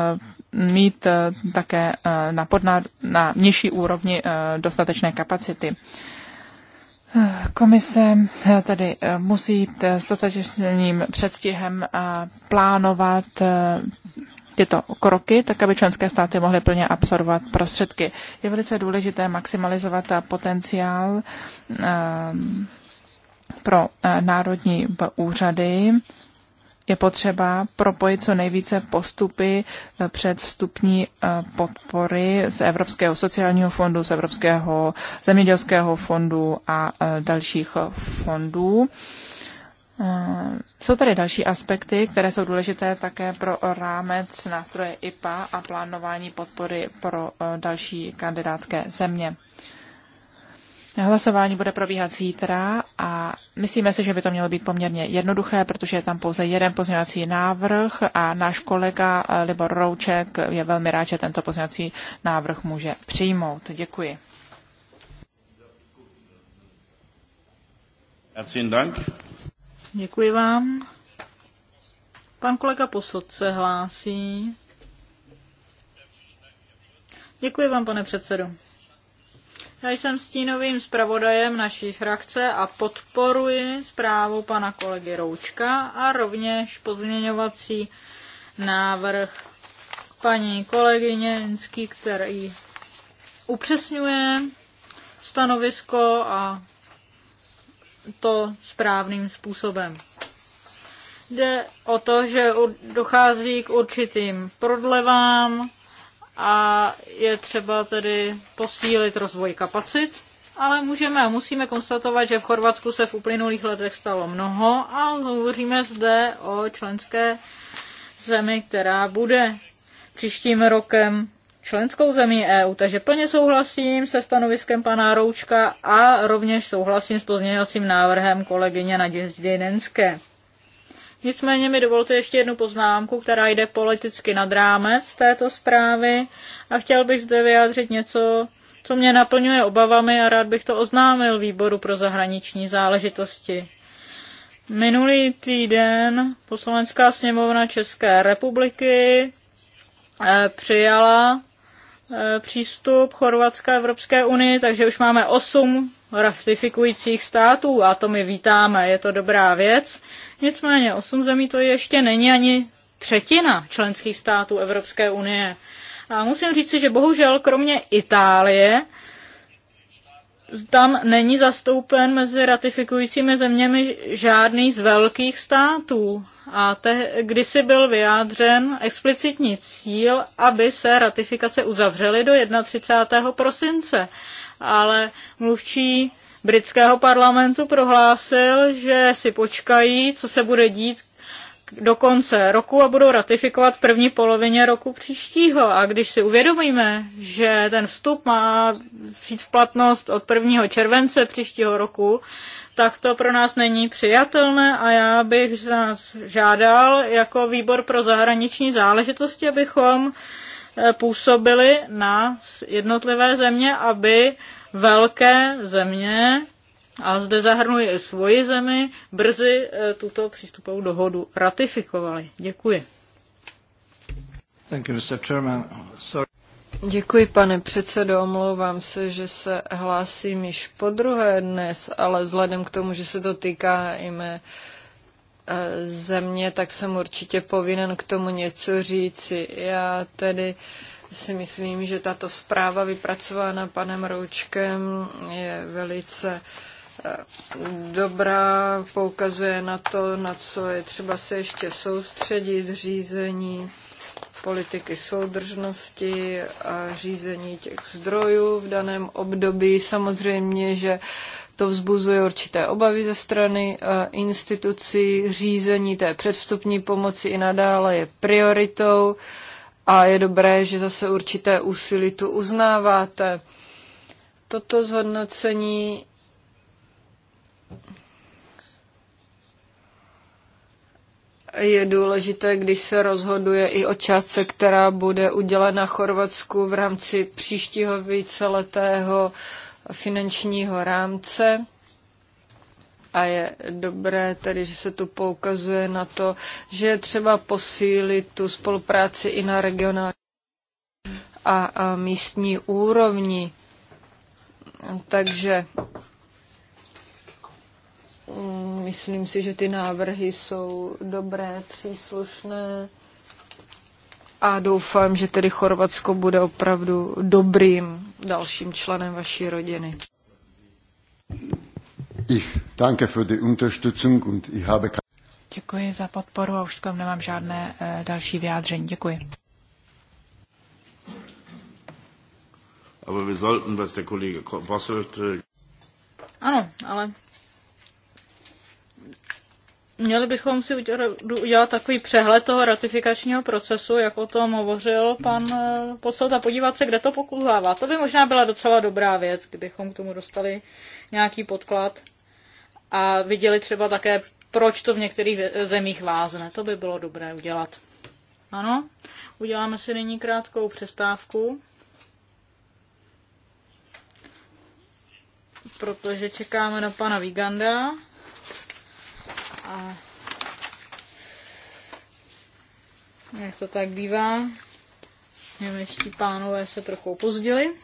Eh, mít eh, také eh, na, podná, na nižší úrovni dostatečné kapacity. Komise tedy musí s dostatečným předstihem plánovat tyto kroky, tak aby členské státy mohly plně absorbovat prostředky. Je velice důležité maximalizovat potenciál pro národní úřady je potřeba propojit co nejvíce postupy eh, před vstupní eh, podpory z Evropského sociálního fondu, z Evropského zemědělského fondu a eh, dalších fondů. Jsou tady další aspekty, které jsou důležité také pro rámec nástroje IPA a plánování podpory pro další kandidátské země. Hlasování bude probíhat zítra a myslíme si, že by to mělo být poměrně jednoduché, protože je tam pouze jeden pozměňovací návrh a náš kolega Libor Rouček je velmi rád, že tento pozměňovací návrh může přijmout. Děkuji. Děkuji vám. Pan kolega Posod se hlásí. Děkuji vám, pane předsedo. Já jsem stínovým zpravodajem naší frakce a podporuji zprávu pana kolegy Roučka a rovněž pozměňovací návrh paní kolegyně Jinsky, který upřesňuje stanovisko a to správným způsobem. Jde o to, že dochází k určitým prodlevám a je třeba tedy posílit rozvoj kapacit, ale můžeme a musíme konstatovat, že v Chorvatsku se v uplynulých letech stalo mnoho a hovoříme zde o členské zemi, která bude příštím rokem členskou zemí EU. Takže plně souhlasím se stanoviskem pana Roučka a rovněž souhlasím s pozměňovacím návrhem kolegyně Naděždy Nenské. Nicméně mi dovolte ještě jednu poznámku, která jde politicky nad rámec této zprávy a chtěl bych zde vyjádřit něco, co mě naplňuje obavami a rád bych to oznámil výboru pro zahraniční záležitosti. Minulý týden poslovenská sněmovna České republiky eh, přijala eh, přístup Chorvatska Evropské unii, takže už máme osm ratifikujících států a to my vítáme, je to dobrá věc. Nicméně 8 zemí to ještě není ani třetina členských států Evropské unie. A musím říci, že bohužel kromě Itálie tam není zastoupen mezi ratifikujícími zeměmi žádný z velkých států. A te, kdysi byl vyjádřen explicitní cíl, aby se ratifikace uzavřely do 31. prosince ale mluvčí britského parlamentu prohlásil, že si počkají, co se bude dít do konce roku a budou ratifikovat první polovině roku příštího. A když si uvědomíme, že ten vstup má přijít v platnost od 1. července příštího roku, tak to pro nás není přijatelné a já bych nás žádal jako výbor pro zahraniční záležitosti, abychom Eh, působili na jednotlivé země, aby velké země, a zde zahrnuje i svoji zemi, brzy eh, tuto přístupovou dohodu ratifikovali. Děkuji. Thank you, Mr. Chairman. Sorry. Děkuji, pane předsedo. Omlouvám se, že se hlásím již po druhé dnes, ale vzhledem k tomu, že se to týká i mé uh, země, tak jsem určitě povinen k tomu něco říci. Já tedy si myslím, že tato zpráva vypracovaná panem Roučkem je velice e, dobrá, poukazuje na to, na co je třeba se ještě soustředit, řízení politiky soudržnosti a řízení těch zdrojů v daném období. Samozřejmě, že to vzbuzuje určité obavy ze strany e, institucí. Řízení té předstupní pomoci i nadále je prioritou a je dobré, že zase určité úsilí tu uznáváte. Toto zhodnocení je důležité, když se rozhoduje i o částce, která bude udělena Chorvatsku v rámci příštího víceletého finančního rámce. A je dobré tedy, že se tu poukazuje na to, že je třeba posílit tu spolupráci i na regionální a, a místní úrovni. Takže mm, myslím si, že ty návrhy jsou dobré, příslušné a doufám, že tedy Chorvatsko bude opravdu dobrým dalším členem vaší rodiny. Ich danke für die Unterstützung und ich habe Děkuji za podporu a už tam nemám žádné uh, další vyjádření. Děkuji. Aber wir sollten, was der Kollege Posselt... Äh, ano, ale Měli bychom si udělat takový přehled toho ratifikačního procesu, jak o tom hovořil pan eh, posled, a podívat se, kde to pokulhává. To by možná byla docela dobrá věc, kdybychom k tomu dostali nějaký podklad a viděli třeba také, proč to v některých zemích vázne. To by bylo dobré udělat. Ano, uděláme si nyní krátkou přestávku, protože čekáme na pana Viganda a jak to tak bývá, němečtí pánové se trochu opozdili.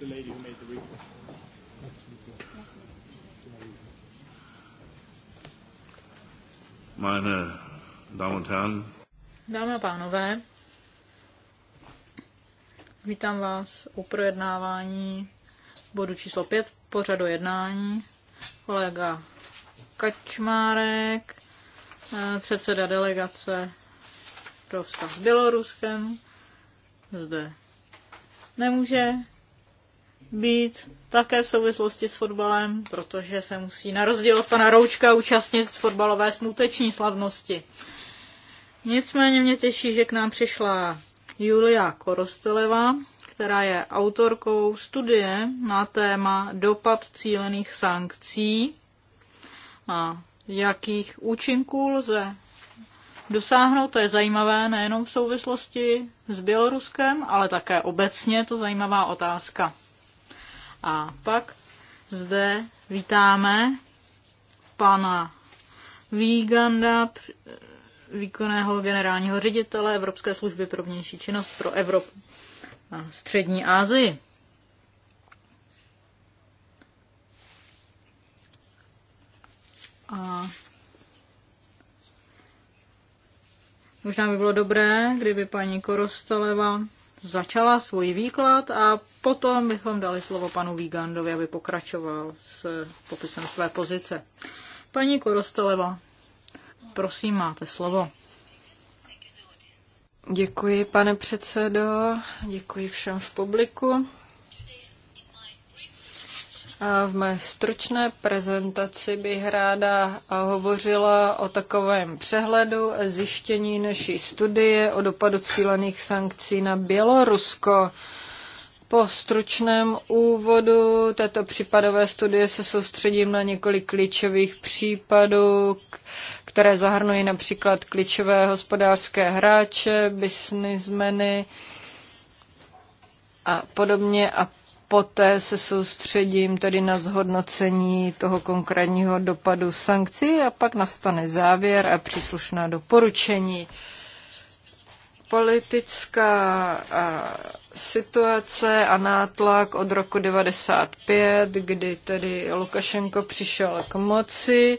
the lady who made the report. Meine Damen und Herren. Dámy a pánové, vítám vás u projednávání bodu číslo 5 pořadu jednání. Kolega Kačmárek, eh, předseda delegace pro vztah s Běloruskem, zde nemůže být také v souvislosti s fotbalem, protože se musí na rozdíl od pana Roučka účastnit fotbalové smuteční slavnosti. Nicméně mě těší, že k nám přišla Julia Korosteleva, která je autorkou studie na téma dopad cílených sankcí a jakých účinků lze dosáhnout. To je zajímavé nejenom v souvislosti s Běloruskem, ale také obecně je to zajímavá otázka. A pak zde vítáme pana Víganda, výkonného generálního ředitele Evropské služby pro vnější činnost pro Evropu a Střední Asii. A možná by bylo dobré, kdyby paní Korostaleva začala svůj výklad a potom bychom dali slovo panu Vígandovi, aby pokračoval s popisem své pozice. Paní Korosteleva, prosím, máte slovo. Děkuji, pane předsedo, děkuji všem v publiku. V mé stručné prezentaci bych ráda hovořila o takovém přehledu zjištění naší studie o dopadu cílených sankcí na Bělorusko. Po stručném úvodu této případové studie se soustředím na několik klíčových případů, které zahrnují například klíčové hospodářské hráče, businessmeny, a podobně a poté se soustředím tedy na zhodnocení toho konkrétního dopadu sankcí a pak nastane závěr a příslušná doporučení. Politická situace a nátlak od roku 95, kdy tedy Lukašenko přišel k moci,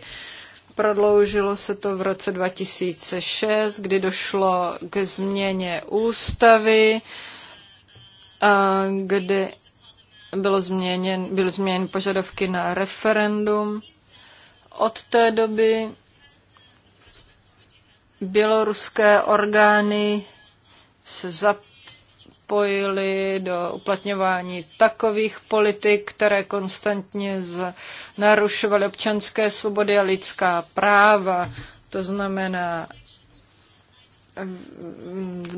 Prodloužilo se to v roce 2006, kdy došlo k změně ústavy, kdy bylo změněn, byly změněny požadavky na referendum. Od té doby běloruské orgány se zapojily do uplatňování takových politik, které konstantně narušovaly občanské svobody a lidská práva. To znamená 19.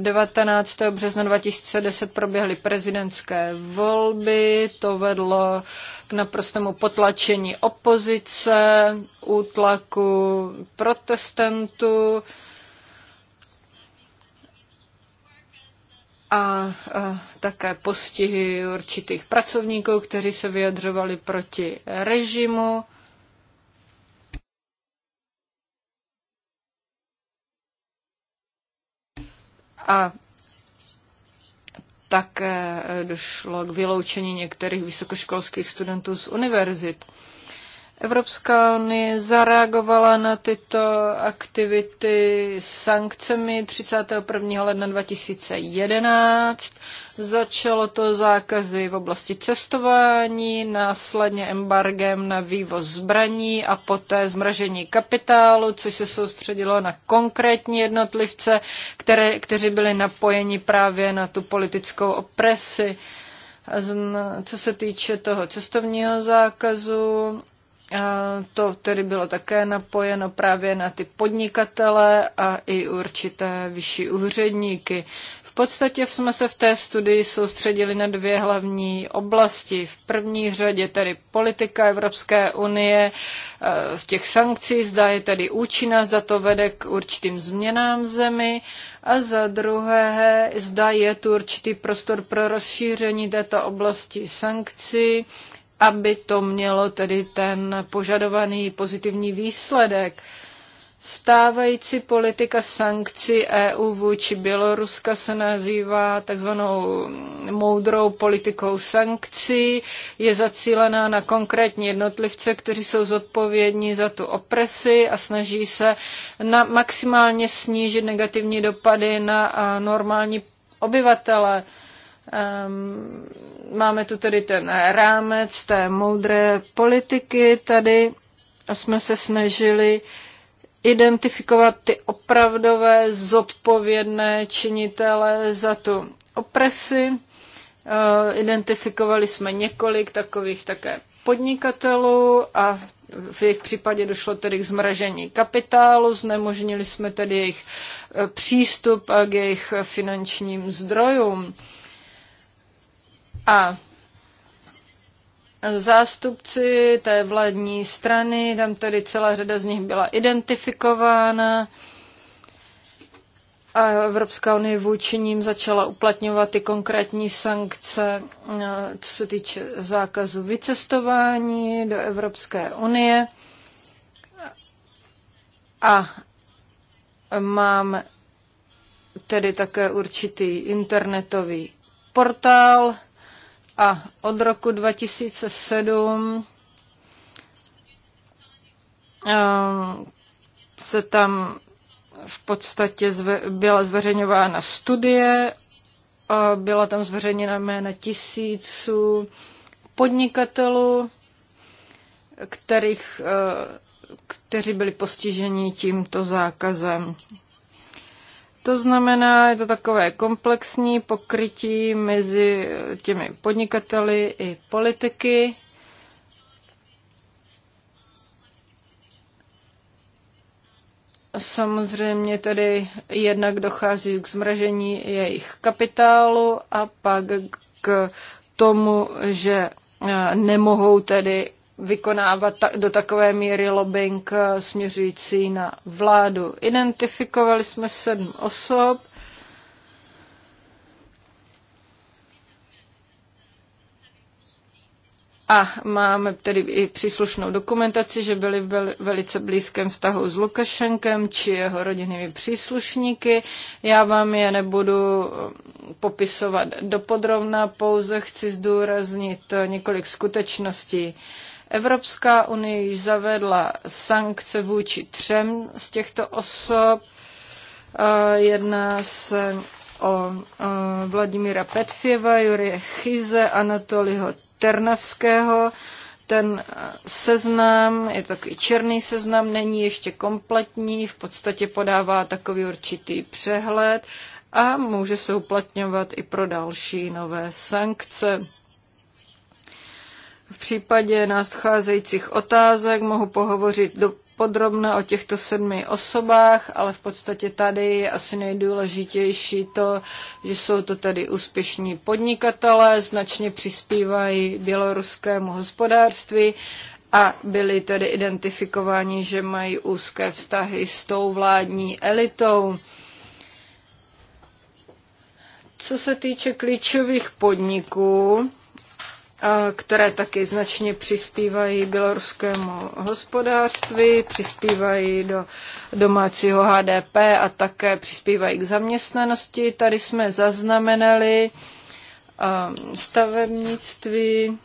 března 2010 proběhly prezidentské volby, to vedlo k naprostému potlačení opozice, útlaku protestantů a, a také postihy určitých pracovníků, kteří se vyjadřovali proti režimu A také došlo k vyloučení některých vysokoškolských studentů z univerzit. Evropská unie zareagovala na tyto aktivity sankcemi 31. ledna 2011. Začalo to zákazy v oblasti cestování, následně embargem na vývoz zbraní a poté zmražení kapitálu, což se soustředilo na konkrétní jednotlivce, které, kteří byli napojeni právě na tu politickou opresi. A co se týče toho cestovního zákazu, to tedy bylo také napojeno právě na ty podnikatele a i určité vyšší úředníky. V podstatě jsme se v té studii soustředili na dvě hlavní oblasti. V první řadě tedy politika Evropské unie e, v těch sankcí, zda je tedy účinná, zda to vede k určitým změnám v zemi a za druhé, zda je tu určitý prostor pro rozšíření této oblasti sankcí aby to mělo tedy ten požadovaný pozitivní výsledek. Stávající politika sankcí EU vůči Běloruska se nazývá takzvanou moudrou politikou sankcí. Je zacílená na konkrétní jednotlivce, kteří jsou zodpovědní za tu opresi a snaží se na maximálně snížit negativní dopady na normální obyvatele. Ehm, máme tu tedy ten rámec té moudré politiky tady a jsme se snažili identifikovat ty opravdové zodpovědné činitele za tu opresy. Ehm, identifikovali jsme několik takových také podnikatelů a v jejich případě došlo tedy k zmražení kapitálu, znemožnili jsme tedy jejich e, přístup k jejich finančním zdrojům. A zástupci té vládní strany, tam tedy celá řada z nich byla identifikována. A Evropská unie vůči ním začala uplatňovat ty konkrétní sankce, eh, co se týče zákazu vycestování do Evropské unie. A máme tedy také určitý internetový portál, a od roku 2007 eh, se tam v podstatě zve, byla zveřejňována studie, a byla tam zveřejněna jména tisíců podnikatelů, kterých, eh, kteří byli postiženi tímto zákazem. To znamená, je to takové komplexní pokrytí mezi těmi podnikateli i politiky. Samozřejmě tedy jednak dochází k zmražení jejich kapitálu a pak k tomu, že eh, nemohou tedy vykonávat do takové míry lobbying eh, směřující na vládu. Identifikovali jsme sedm osob. A máme tedy i příslušnou dokumentaci, že byli v velice blízkém vztahu s Lukašenkem či jeho rodinnými příslušníky. Já vám je nebudu eh, popisovat dopodrobná, pouze chci zdůraznit eh, několik skutečností. Uh, Evropská unie již zavedla sankce vůči třem z těchto osob. Jedná se o Vladimíra Petfieva, Jurie Chize, Anatoliho Ternavského. Ten seznam je takový černý seznam, není ještě kompletní, v podstatě podává takový určitý přehled a může se uplatňovat i pro další nové sankce. V případě nadcházejících otázek mohu pohovořit do podrobna o těchto sedmi osobách, ale v podstatě tady je asi nejdůležitější to, že jsou to tedy úspěšní podnikatelé, značně přispívají běloruskému hospodářství a byli tedy identifikováni, že mají úzké vztahy s tou vládní elitou. Co se týče klíčových podniků, které taky značně přispívají běloruskému hospodářství, přispívají do domácího HDP a také přispívají k zaměstnanosti. Tady jsme zaznamenali stavebnictví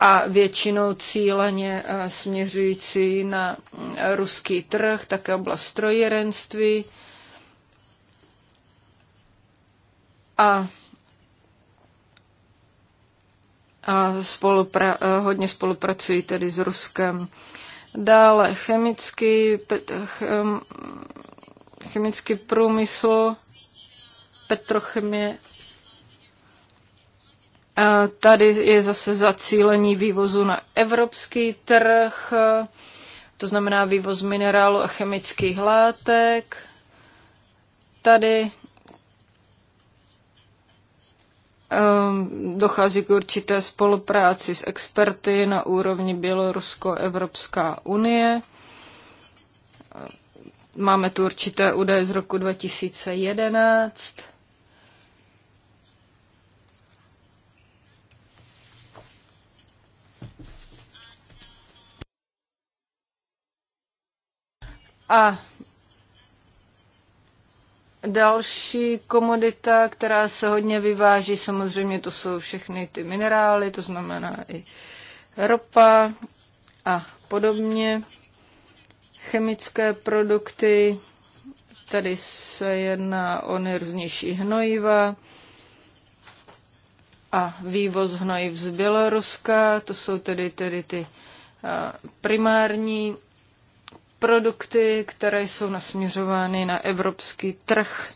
a většinou cíleně směřující na ruský trh, také oblast strojírenství. A a spolupra- eh, hodně spolupracují tedy s Ruskem. Dále chemický, chem, chemický průmysl, petrochemie. A tady je zase zacílení vývozu na evropský trh, to znamená vývoz minerálu a chemických látek. Tady Ehm, dochází k určité spolupráci s experty na úrovni Bělorusko-Evropská unie. Máme tu určité údaje z roku 2011. A Další komodita, která se hodně vyváží, samozřejmě to jsou všechny ty minerály, to znamená i ropa a podobně. Chemické produkty, tady se jedná o nejrůznější hnojiva a vývoz hnojiv z Běloruska, to jsou tedy, tedy ty primární produkty, které jsou nasměřovány na evropský trh.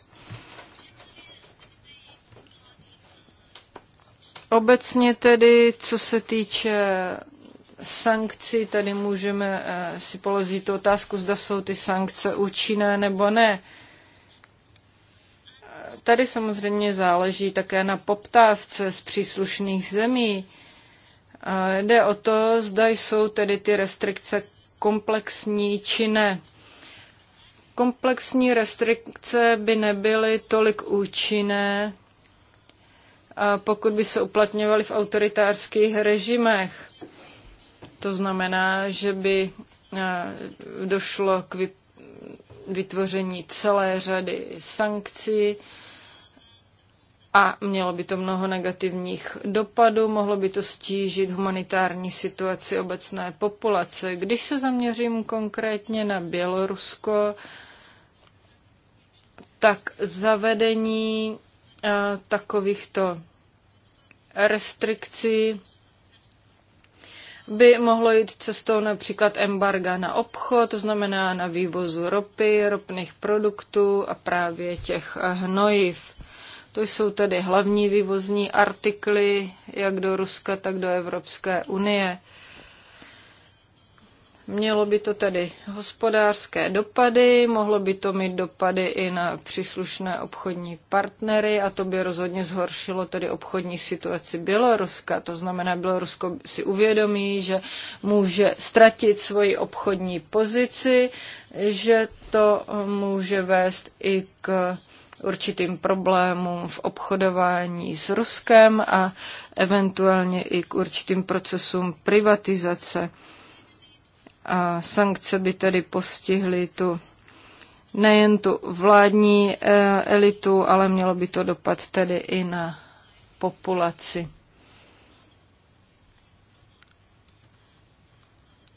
Obecně tedy, co se týče sankcí, tady můžeme eh, si položit tu otázku, zda jsou ty sankce účinné nebo ne. Tady samozřejmě záleží také na poptávce z příslušných zemí. Eh, jde o to, zda jsou tedy ty restrikce komplexní či ne. Komplexní restrikce by nebyly tolik účinné, pokud by se uplatňovaly v autoritářských režimech. To znamená, že by e, došlo k vytvoření celé řady sankcí, a mělo by to mnoho negativních dopadů, mohlo by to stížit humanitární situaci obecné populace. Když se zaměřím konkrétně na Bělorusko, tak zavedení eh, takovýchto restrikcí by mohlo jít cestou například embarga na obchod, to znamená na vývozu ropy, ropných produktů a právě těch hnojiv. To jsou tedy hlavní vývozní artikly jak do Ruska, tak do Evropské unie. Mělo by to tedy hospodářské dopady, mohlo by to mít dopady i na příslušné obchodní partnery a to by rozhodně zhoršilo tedy obchodní situaci Běloruska. To znamená, Bělorusko si uvědomí, že může ztratit svoji obchodní pozici, že to může vést i k určitým problémům v obchodování s Ruskem a eventuálně i k určitým procesům privatizace. A sankce by tedy postihly tu nejen tu vládní eh, elitu, ale mělo by to dopad tedy i na populaci.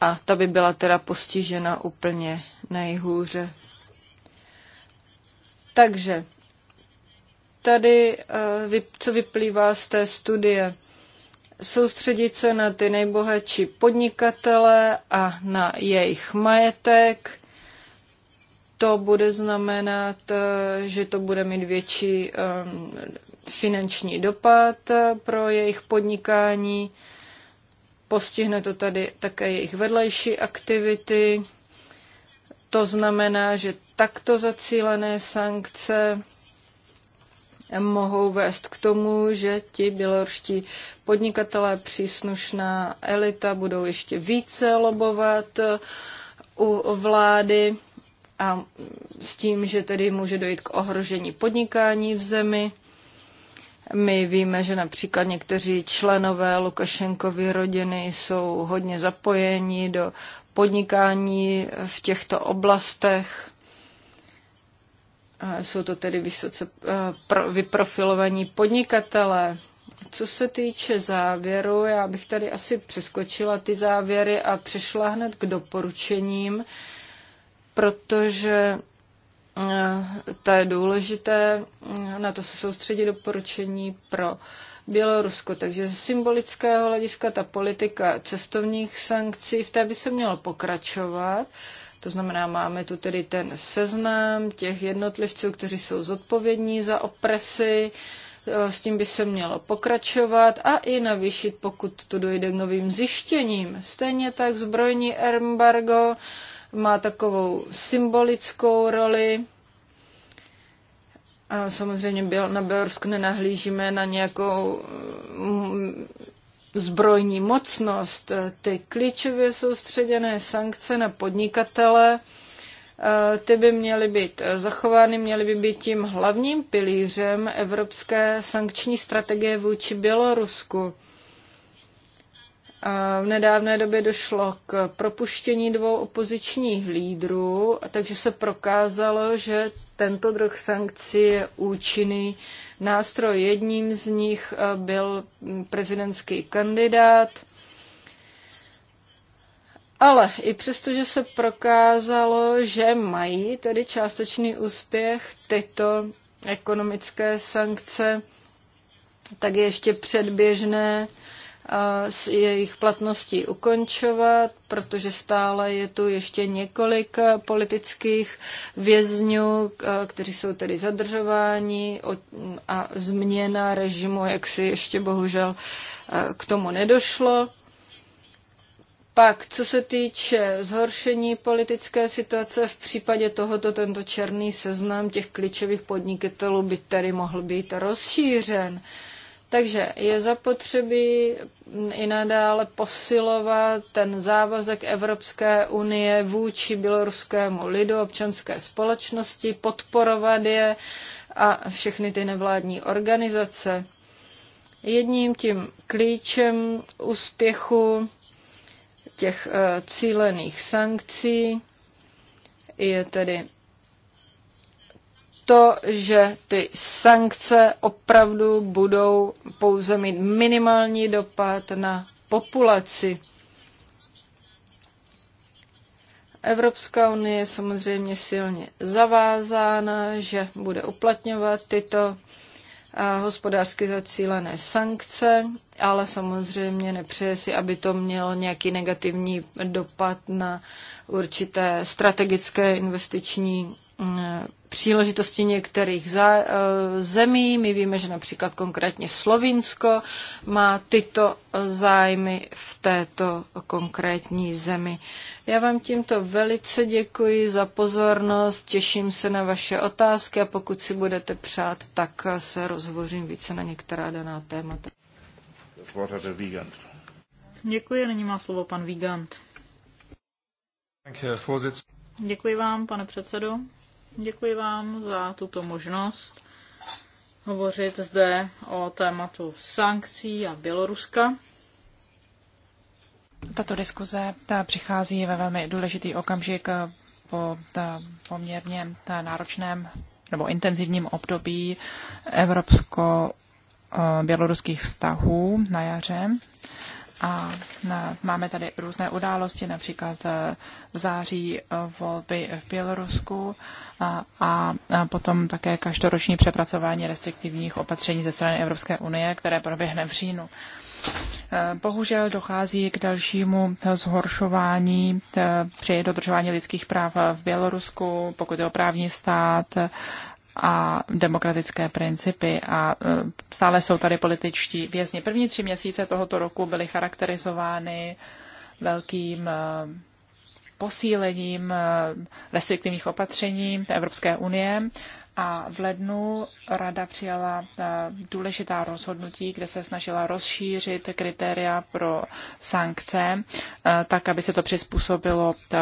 A ta by byla teda postižena úplně nejhůře. Takže tady, eh, co vyplývá z té studie? Soustředit se na ty nejbohatší podnikatele a na jejich majetek. To bude znamenat, eh, že to bude mít větší ehm, finanční dopad eh, pro jejich podnikání. Postihne to tady také jejich vedlejší aktivity. To znamená, že takto zacílené sankce mohou vést k tomu, že ti běloruští podnikatelé, příslušná elita budou ještě více lobovat eh, u vlády a s tím, že tedy může dojít k ohrožení podnikání v zemi. My víme, že například někteří členové Lukašenkovy rodiny jsou hodně zapojeni do podnikání v těchto oblastech. Jsou to tedy vysoce eh, vyprofilovaní podnikatelé. Co se týče závěru, já bych tady asi přeskočila ty závěry a přešla hned k doporučením, protože eh, to je důležité, eh, na to se soustředí doporučení pro Bělorusko. Takže ze symbolického hlediska ta politika cestovních sankcí, v té by se mělo pokračovat. To znamená, máme tu tedy ten seznam těch jednotlivců, kteří jsou zodpovědní za opresy, e, s tím by se mělo pokračovat a i navýšit, pokud tu dojde k novým zjištěním. Stejně tak zbrojní embargo má takovou symbolickou roli. A samozřejmě na Bělorusku nenahlížíme na nějakou zbrojní mocnost. Eh, ty klíčově soustředěné sankce na podnikatele, eh, ty by měly být eh, zachovány, měly by být tím hlavním pilířem evropské sankční strategie vůči Bělorusku. V nedávné době došlo k propuštění dvou opozičních lídrů, takže se prokázalo, že tento druh sankcí je účinný nástroj. Jedním z nich eh, byl mm, prezidentský kandidát. Ale i přesto, že se prokázalo, že mají tedy částečný úspěch tyto ekonomické sankce, tak je ještě předběžné s jejich platností ukončovat, protože stále je tu ještě několik e, politických vězňů, e, kteří jsou tedy zadržováni a změna režimu, jak si ještě bohužel e, k tomu nedošlo. Pak, co se týče zhoršení politické situace, v případě tohoto tento černý seznam těch klíčových podnikatelů by tedy mohl být rozšířen. Uh, takže je zapotřebí i nadále posilovat ten závazek Evropské unie vůči běloruskému lidu, občanské společnosti, podporovat je a všechny ty nevládní organizace. Jedním tím klíčem úspěchu těch eh, cílených sankcí je tedy to, že ty sankce opravdu budou pouze mít minimální dopad na populaci. Evropská unie je samozřejmě silně zavázána, že bude uplatňovat tyto hospodářsky zacílené sankce, ale samozřejmě nepřeje si, aby to mělo nějaký negativní dopad na určité strategické investiční Eh, příležitosti některých eh, zemí. My víme, že například konkrétně Slovinsko má tyto zájmy v této konkrétní zemi. Já vám tímto velice děkuji za pozornost, těším se na vaše otázky a pokud si budete přát, tak se rozhovořím více na některá daná témata. Děkuji, nyní má slovo pan Vigant. Děkuji vám, pane předsedo. Děkuji vám za tuto možnost hovořit zde o tématu sankcí a Běloruska. Tato diskuze ta přichází ve velmi důležitý okamžik po ta poměrně ta náročném nebo intenzivním období evropsko-běloruských eh, vztahů na jaře. A e, máme tady různé události, například e, v září e, volby v Bělorusku a, a potom také každoroční přepracování restriktivních opatření ze strany Evropské unie, které proběhne v říjnu. Bohužel dochází k dalšímu zhoršování při dodržování lidských práv v Bělorusku, pokud je o právní stát a demokratické principy a e, stále jsou tady političtí vězni. První tři měsíce tohoto roku byly charakterizovány velkým e, posílením e, restriktivních opatření Evropské unie a v lednu rada přijala eh, důležitá rozhodnutí, kde se snažila rozšířit kritéria pro sankce, eh, tak, aby se to přizpůsobilo eh,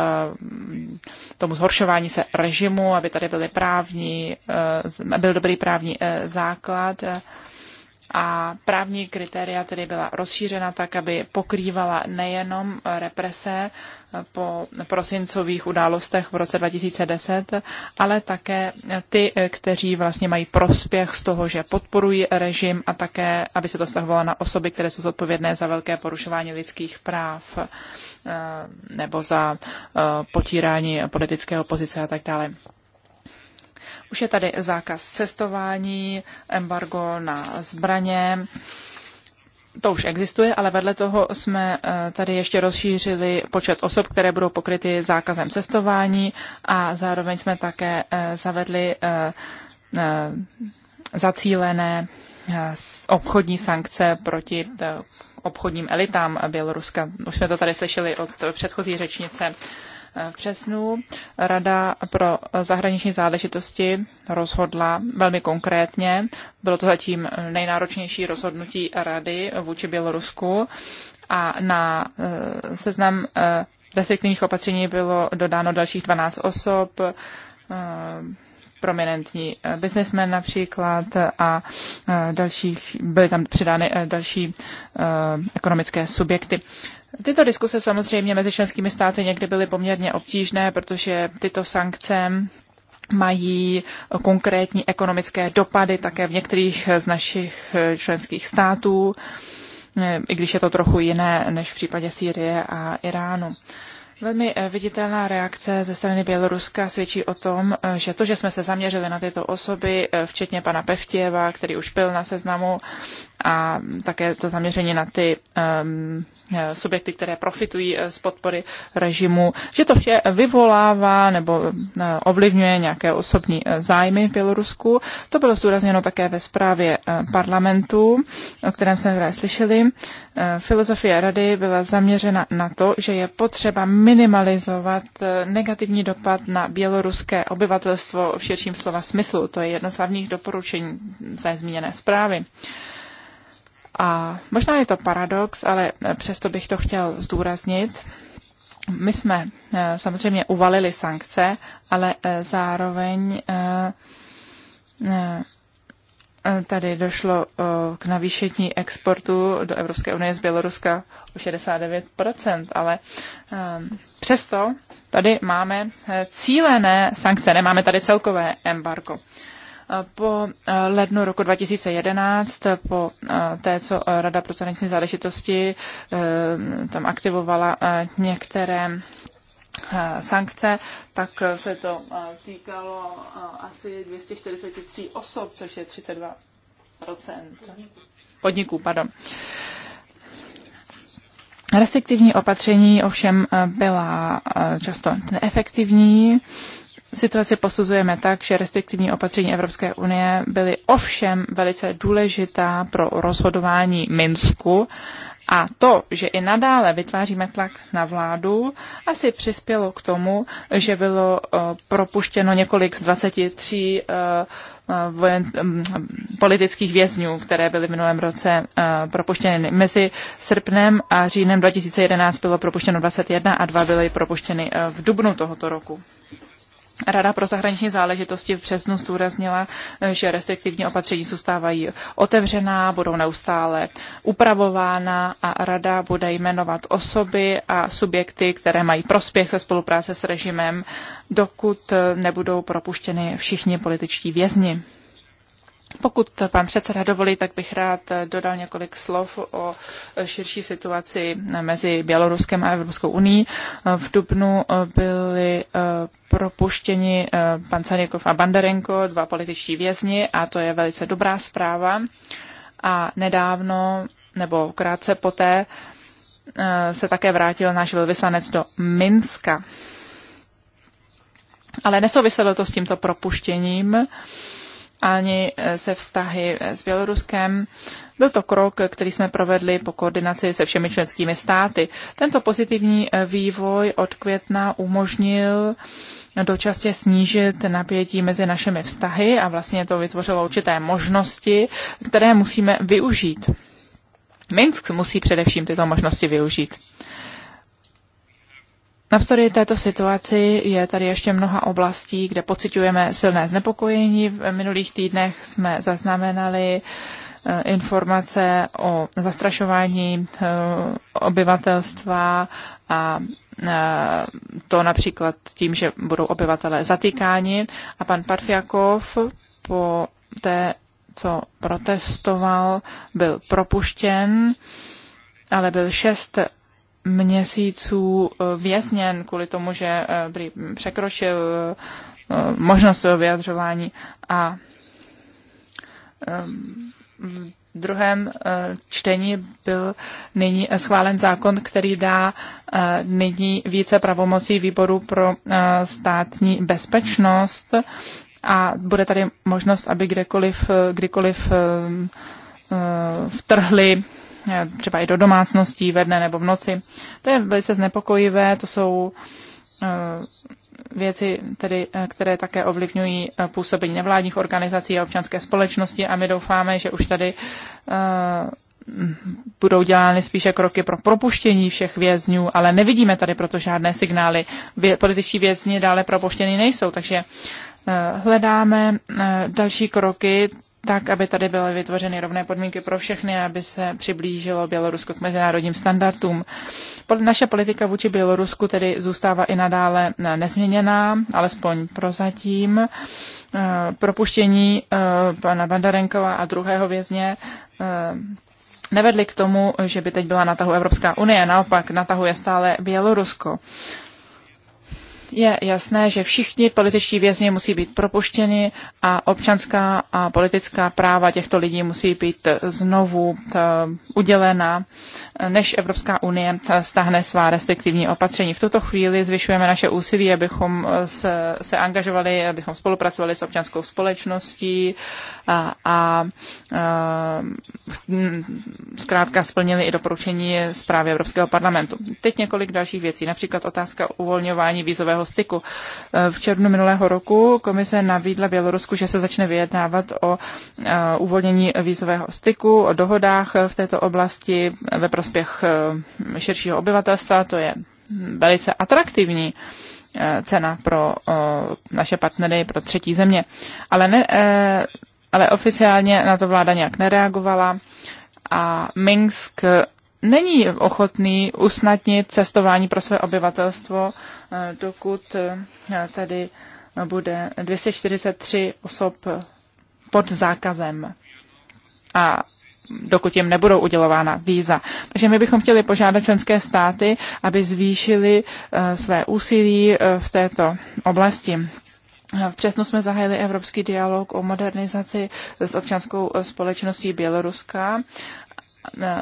tomu zhoršování se režimu, aby tady byly právní, byl dobrý právní základ a právní kritéria tedy byla rozšířena tak, aby pokrývala nejenom represe po prosincových událostech v roce 2010, ale také ty, kteří vlastně mají prospěch z toho, že podporují režim a také, aby se to stahovalo na osoby, které jsou zodpovědné za velké porušování lidských práv eh, nebo za eh, potírání politické opozice a tak dále. Už je tady zákaz cestování, embargo na zbraně. To už existuje, ale vedle toho jsme eh, tady ještě rozšířili počet osob, které budou pokryty zákazem cestování a zároveň jsme také eh, zavedli eh, zacílené obchodní sankce proti obchodním elitám Běloruska. Už jsme to tady slyšeli od předchozí řečnice. V přesnu Rada pro zahraniční záležitosti rozhodla velmi konkrétně. Bylo to zatím nejnáročnější rozhodnutí Rady vůči Bělorusku a na eh, seznam eh, restriktivních opatření bylo dodáno dalších 12 osob, eh, prominentní biznesmen například a dalších, byly tam přidány další ekonomické subjekty. Tyto diskuse samozřejmě mezi členskými státy někdy byly poměrně obtížné, protože tyto sankce mají konkrétní ekonomické dopady také v některých z našich členských států, i když je to trochu jiné než v případě Sýrie a Iránu. Velmi eh, viditelná reakce ze strany Běloruska svědčí o tom, eh, že to, že jsme se zaměřili na tyto osoby, eh, včetně pana Pevtěva, který už byl na seznamu, a také to zaměření na ty um, subjekty, které profitují z podpory režimu, že to vše vyvolává nebo ovlivňuje nějaké osobní zájmy v Bělorusku. To bylo zdůrazněno také ve zprávě parlamentu, o kterém jsme slyšeli. Filozofie rady byla zaměřena na to, že je potřeba minimálně minimalizovat eh, negativní dopad na běloruské obyvatelstvo v širším slova smyslu. To je jedno z hlavních doporučení ze zmíněné zprávy. A možná je to paradox, ale eh, přesto bych to chtěl zdůraznit. My jsme eh, samozřejmě uvalili sankce, ale zároveň Tady došlo eh, k navýšení exportu do Evropské unie z Běloruska o 69%, ale eh, přesto tady máme eh, cílené sankce, nemáme tady celkové embargo. Po lednu roku 2011, po té, co Rada pro záležitosti tam aktivovala některé Eh, sankce, tak se to eh, týkalo eh, asi 243 osob, což je 32 podniků. Pardon. Restriktivní opatření ovšem byla často neefektivní. Situaci posuzujeme tak, že restriktivní opatření Evropské unie byly ovšem velice důležitá pro rozhodování Minsku a to, že i nadále vytváříme tlak na vládu, asi přispělo k tomu, že bylo eh, propuštěno několik z 23 eh, vojen, mm, politických vězňů, které byly v minulém roce eh, propuštěny. Mezi srpnem a říjnem 2011 bylo propuštěno 21 a dva byly propuštěny v dubnu tohoto roku. Rada pro zahraniční záležitosti v březnu zdůraznila, že restriktivní opatření zůstávají otevřená, budou neustále upravována a Rada bude jmenovat osoby a subjekty, které mají prospěch ze spolupráce s režimem, dokud nebudou propuštěny všichni političtí vězni. Pokud pan předseda dovolí, tak bych rád dodal několik slov o širší situaci mezi Běloruskem a Evropskou uní. V Dubnu byly eh, propuštěni eh, pan Sanikov a Bandarenko, dva političtí vězni, a to je velice dobrá zpráva. A nedávno, nebo krátce poté, eh, se také vrátil náš velvyslanec do Minska. Ale nesouviselo to s tímto propuštěním ani eh, se vztahy eh, s Běloruskem. Byl to krok, který jsme provedli po koordinaci se všemi členskými státy. Tento pozitivní eh, vývoj od května umožnil dočasně snížit napětí mezi našimi vztahy a vlastně to vytvořilo určité možnosti, které musíme využít. Minsk musí především tyto možnosti využít. Navzdory této situaci je tady ještě mnoha oblastí, kde pociťujeme silné znepokojení. V minulých týdnech jsme zaznamenali eh, informace o zastrašování eh, obyvatelstva a eh, to například tím, že budou obyvatelé zatýkáni. A pan Parfiakov po té, co protestoval, byl propuštěn, ale byl šest měsíců eh, vězněn kvůli tomu, že eh, překročil eh, možnost svého vyjadřování a ehm, v druhém čtení byl nyní schválen zákon, který dá nyní více pravomocí výboru pro státní bezpečnost a bude tady možnost, aby kdekoliv, kdykoliv ehm, vtrhli Eh, třeba i do domácností ve dne nebo v noci. To je velice znepokojivé, to jsou eh, věci, tedy, eh, které také ovlivňují působení nevládních organizací a občanské společnosti a my doufáme, že už tady budou dělány spíše kroky pro propuštění všech vězňů, ale nevidíme tady proto žádné signály. Vě, političtí vězni dále propuštěni nejsou, takže Eh, hledáme eh, další kroky, tak, aby tady byly vytvořeny rovné podmínky pro všechny, aby se přiblížilo Bělorusko k mezinárodním standardům. Naše politika vůči Bělorusku tedy zůstává i nadále eh, nezměněná, alespoň prozatím. Propuštění pana Bandarenkova a druhého vězně nevedly k tomu, že by teď byla na tahu Evropská unie, naopak natahuje stále Bělorusko. Je jasné, že všichni političtí vězni musí být propuštěni a občanská a politická práva těchto lidí musí být znovu eh, udělena, než Evropská unie eh, stáhne svá restriktivní opatření. V tuto chvíli zvyšujeme naše úsilí, abychom eh, se, se angažovali, abychom spolupracovali s občanskou společností a, a, a zkrátka splnili i doporučení zprávy Evropského parlamentu. Teď několik dalších věcí, například otázka uvolňování vízového vzájemného styku. Eh, v červnu minulého roku komise nabídla Bělorusku, že se začne vyjednávat o eh, uvolnění vízového styku, o dohodách eh, v této oblasti ve prospěch širšího obyvatelstva. To je velice atraktivní cena pro naše partnery, pro třetí země. Ale, ne, ale oficiálně na to vláda nějak nereagovala a Minsk není ochotný usnadnit cestování pro své obyvatelstvo, eh, dokud eh, tady bude 243 osob pod zákazem a dokud jim nebudou udělována víza. Takže my bychom chtěli požádat členské státy, aby zvýšili eh, své úsilí v této oblasti. V přesnu jsme zahájili evropský dialog o modernizaci s občanskou společností Běloruska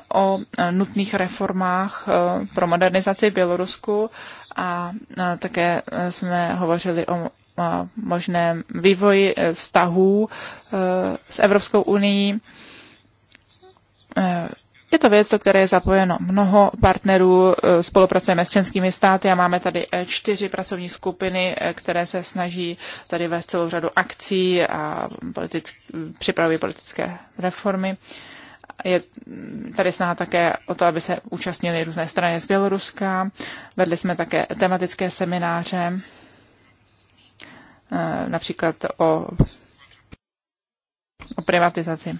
o nutných reformách pro modernizaci Bělorusku a také jsme hovořili o možném vývoji e, vztahů e, s Evropskou unii. E, je to věc, do které je zapojeno mnoho partnerů, spolupracujeme s členskými státy a máme tady čtyři pracovní skupiny, které se snaží tady vést celou řadu akcí a politick- připravují politické reformy. Uh, je tady snaha také o to, aby se účastnili různé strany z Běloruska. Vedli jsme také tematické semináře, eh, například o, o privatizaci.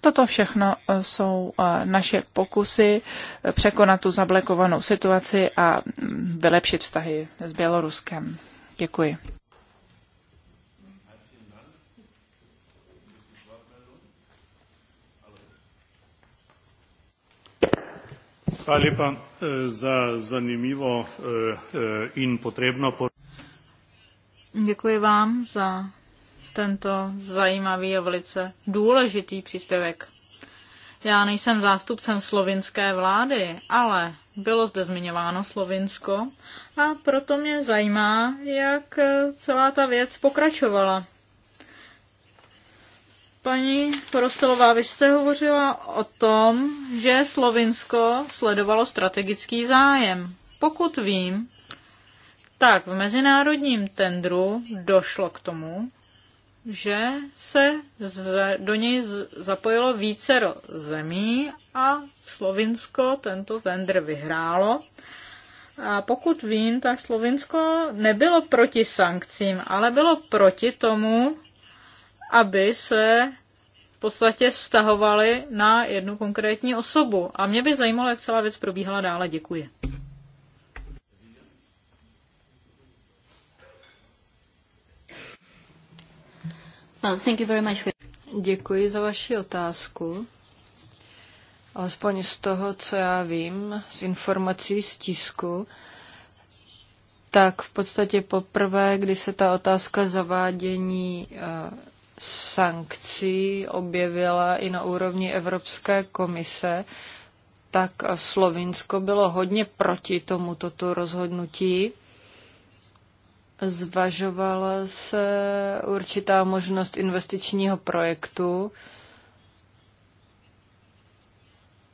Toto všechno eh, jsou eh, naše pokusy překonat tu zablokovanou situaci a mm, vylepšit vztahy s Běloruskem. Děkuji. Hvala lepa eh, za zanimivo eh, eh, in potrebno Děkuji vám za tento zajímavý a velice důležitý příspěvek. Já nejsem zástupcem slovinské vlády, ale bylo zde zmiňováno Slovinsko a proto mě zajímá, jak celá ta věc pokračovala. Paní Porostelová, vy jste hovořila o tom, že Slovinsko sledovalo strategický zájem. Pokud vím, tak v mezinárodním tendru došlo k tomu, že se do něj zapojilo vícero zemí a Slovinsko tento tender vyhrálo. A pokud vím, tak Slovinsko nebylo proti sankcím, ale bylo proti tomu, aby se v podstatě vztahovaly na jednu konkrétní osobu. A mě by zajímalo, jak celá věc probíhala dále. Děkuji. Well, thank you very much for... Děkuji za vaši otázku. Alespoň z toho, co já vím, z informací z tisku, tak v podstatě poprvé, kdy se ta otázka zavádění eh, sankcí objevila i na úrovni Evropské komise, tak Slovinsko bylo hodně proti tomuto to rozhodnutí. Zvažovala se určitá možnost investičního projektu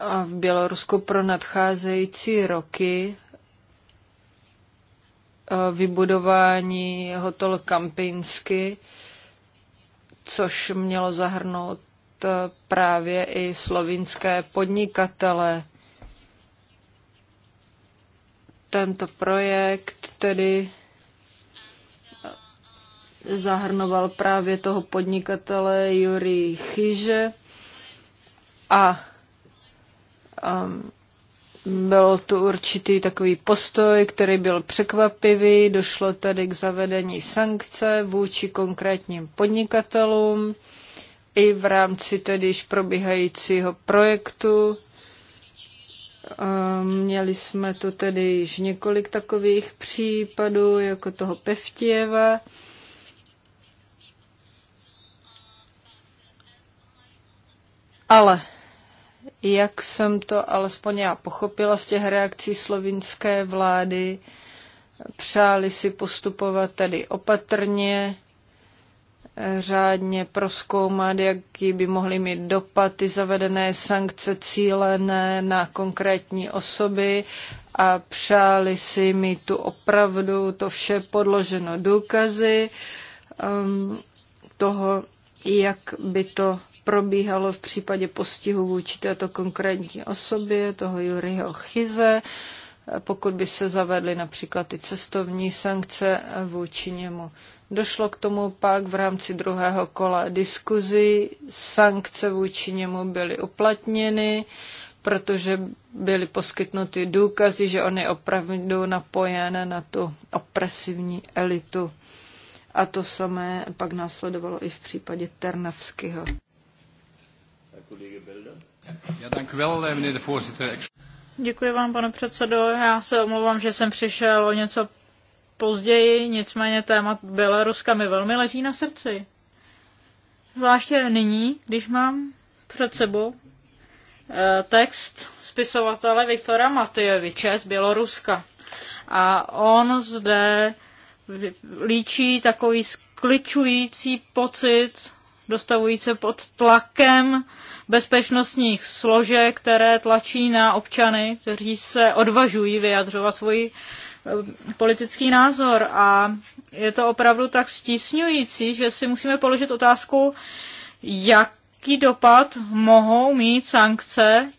a v Bělorusku pro nadcházející roky eh, vybudování hotel Kampinsky což mělo zahrnout eh, právě i slovinské podnikatele. Tento projekt tedy eh, zahrnoval právě toho podnikatele Juri Chyže a um, byl tu určitý takový postoj, který byl překvapivý, došlo tedy k zavedení sankce vůči konkrétním podnikatelům i v rámci tedy již probíhajícího projektu. Měli jsme tu tedy již několik takových případů, jako toho Pevtěva. Ale jak jsem to alespoň já pochopila z těch reakcí slovinské vlády, přáli si postupovat tedy opatrně, řádně proskoumat, jaký by mohly mít dopad ty zavedené sankce cílené na konkrétní osoby a přáli si mít tu opravdu to vše podloženo důkazy um, toho, jak by to probíhalo v případě postihu vůči této konkrétní osobě, toho Juriho Chize, pokud by se zavedly například ty cestovní sankce vůči němu. Došlo k tomu pak v rámci druhého kola diskuzi, sankce vůči němu byly uplatněny, protože byly poskytnuty důkazy, že on je opravdu napojen na tu opresivní elitu. A to samé pak následovalo i v případě Ternavského. Kollege Ja, eh, meneer de voorzitter. Děkuji vám, pane předsedo. Já se omlouvám, že jsem přišel o něco později, nicméně téma Běloruska mi velmi leží na srdci. Zvláště nyní, když mám před sebou eh, text spisovatele Viktora Matyjeviče z Běloruska. A on zde líčí takový skličující pocit dostavují se pod tlakem bezpečnostních složek, které tlačí na občany, kteří se odvažují vyjadřovat svůj eh, politický názor. A je to opravdu tak stísňující, že si musíme položit otázku, jaký dopad mohou mít sankce,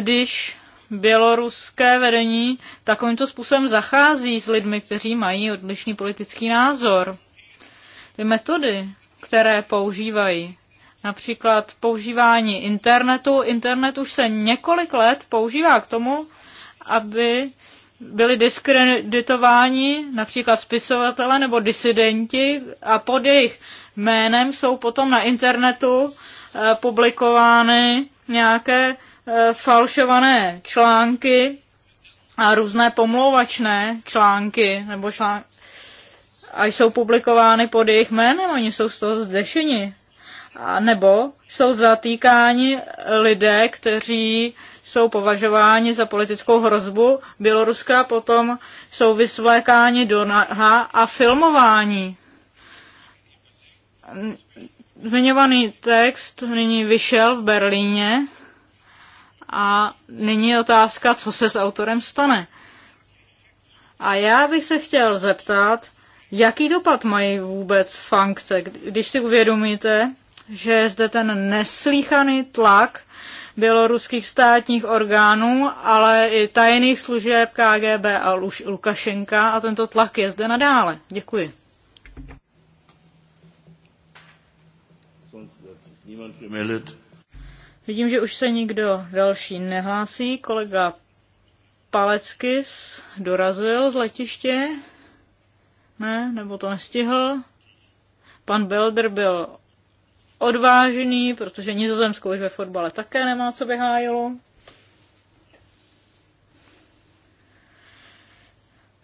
když běloruské vedení takovýmto způsobem zachází s lidmi, kteří mají odlišný politický názor. Ty metody, které používají. Například používání internetu. Internet už se několik let používá k tomu, aby byli diskreditováni například spisovatele nebo disidenti a pod jejich jménem jsou potom na internetu eh, publikovány nějaké eh, falšované články a různé pomlouvačné články nebo články a jsou publikovány pod jejich jménem, oni jsou z toho zdešeni. A nebo jsou zatýkáni lidé, kteří jsou považováni za politickou hrozbu Běloruska, potom jsou vysvlékáni do naha a filmování. Zmiňovaný text nyní vyšel v Berlíně a nyní je otázka, co se s autorem stane. A já bych se chtěl zeptat, Jaký dopad mají vůbec funkce, když si uvědomíte, že je zde ten neslíchaný tlak běloruských státních orgánů, ale i tajných služeb KGB a Lukašenka a tento tlak je zde nadále. Děkuji. Vidím, že už se nikdo další nehlásí. Kolega Paleckis dorazil z letiště. Ne, nebo to nestihl. Pan Belder byl odvážený, protože Nizozemsko už ve fotbale také nemá co vyhájilo.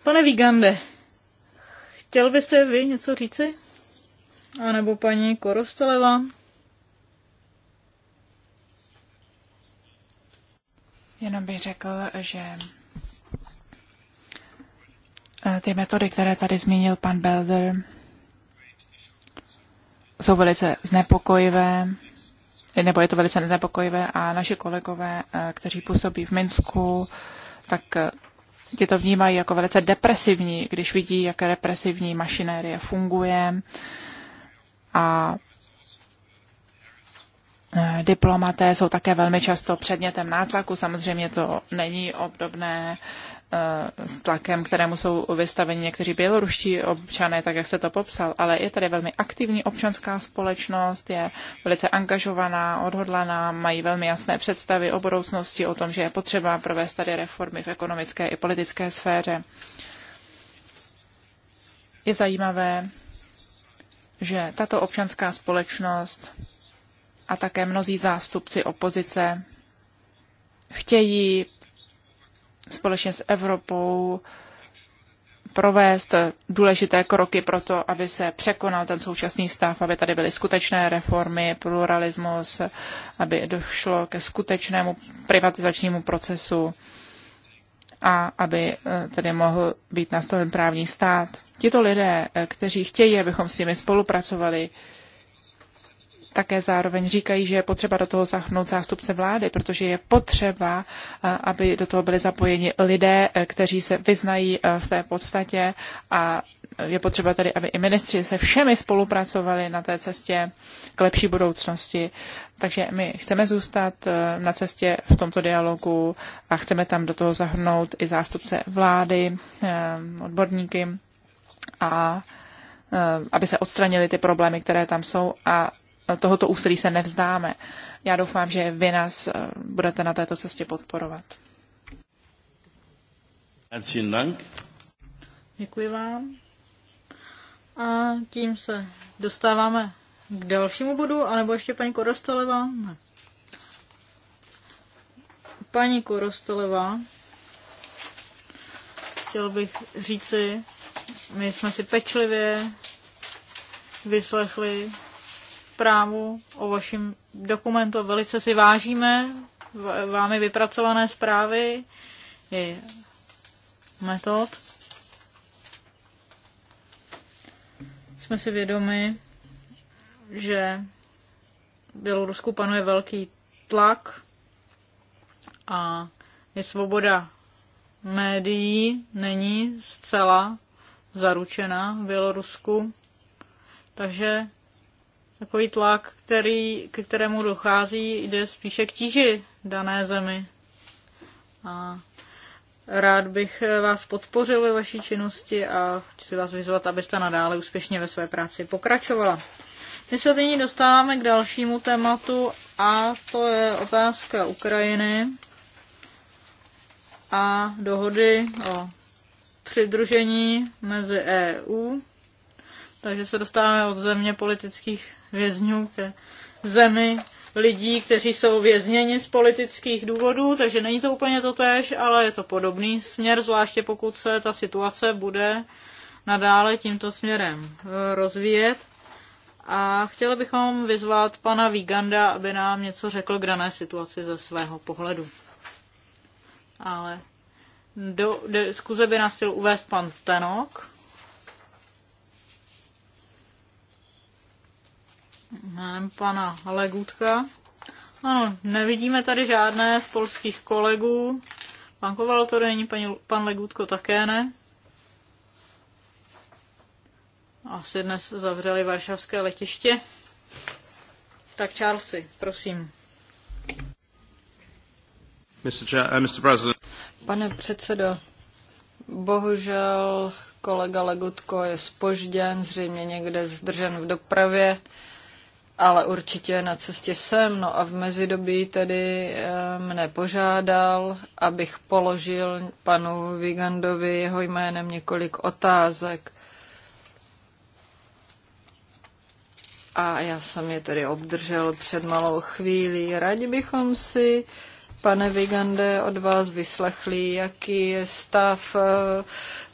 Pane Vigande, chtěl byste vy něco říci? A nebo paní Korosteleva? Jenom bych řekl, že Eh, ty metody, které tady zmínil pan Belder, jsou velice znepokojivé, nebo je to velice znepokojivé a naši kolegové, eh, kteří působí v Minsku, tak eh, ti to vnímají jako velice depresivní, když vidí, jaké represivní mašinérie funguje a diplomaté jsou také velmi často předmětem nátlaku. Samozřejmě to není obdobné Eh, s tlakem, kterému jsou vystaveni někteří běloruští občané, tak jak jste to popsal, ale je tady velmi aktivní občanská společnost, je velice angažovaná, odhodlaná, mají velmi jasné představy o budoucnosti, o tom, že je potřeba provést tady reformy v ekonomické i politické sféře. Je zajímavé, že tato občanská společnost a také mnozí zástupci opozice chtějí společně s Evropou provést důležité kroky pro to, aby se překonal ten současný stav, aby tady byly skutečné reformy, pluralismus, aby došlo ke skutečnému privatizačnímu procesu a aby eh, tedy mohl být nastaven právní stát. Tito lidé, eh, kteří chtějí, abychom s nimi spolupracovali, také zároveň říkají, že je potřeba do toho zahnout zástupce vlády, protože je potřeba, aby do toho byli zapojeni lidé, e, kteří se vyznají e, v té podstatě a je potřeba tady, aby i ministři se všemi spolupracovali na té cestě k lepší budoucnosti. Takže my chceme zůstat e, na cestě v tomto dialogu a chceme tam do toho zahrnout i zástupce vlády, odborníky a aby se odstranily ty problémy, které tam jsou a tohoto úsilí se nevzdáme. Já doufám, že vy nás eh, budete na této cestě podporovat. Děkuji vám. A tím se dostáváme k dalšímu bodu, anebo ještě paní Korostoleva? Ne. Paní Korostoleva, chtěl bych říci, my jsme si pečlivě vyslechli zprávu o vašem dokumentu. Velice si vážíme vámi vypracované zprávy i metod. Jsme si vědomi, že v Bělorusku panuje velký tlak a je svoboda médií není zcela zaručena v Bělorusku. Takže Takový tlak, který, k kterému dochází, jde spíše k tíži dané zemi. A rád bych vás podpořil ve vaší činnosti a chci vás vyzvat, abyste nadále úspěšně ve své práci pokračovala. My se nyní dostáváme k dalšímu tématu a to je otázka Ukrajiny a dohody o přidružení mezi EU takže se dostáváme od země politických vězňů ke zemi lidí, kteří jsou vězněni z politických důvodů, takže není to úplně to tež, ale je to podobný směr, zvláště pokud se ta situace bude nadále tímto směrem eh, rozvíjet. A chtěli bychom vyzvat pana Viganda, aby nám něco řekl k dané situaci ze svého pohledu. Ale do zkuze by nás chtěl uvést pan Tenok jménem pana Legutka. Ano, nevidíme tady žádné z polských kolegů. Pan Koval to není, paní, pan Legutko také ne. Asi dnes zavřeli varšavské letiště. Tak Charlesy, prosím. Mr. Uh, Pane předsedo, bohužel kolega Legutko je spožděn, zřejmě někde zdržen v dopravě ale určitě na cestě jsem. No a v mezidobí tedy eh, mne požádal, abych položil panu Vigandovi jeho jménem několik otázek. A já jsem je tedy obdržel před malou chvílí. Rádi bychom si, pane Vigande, od vás vyslechli, jaký je stav eh,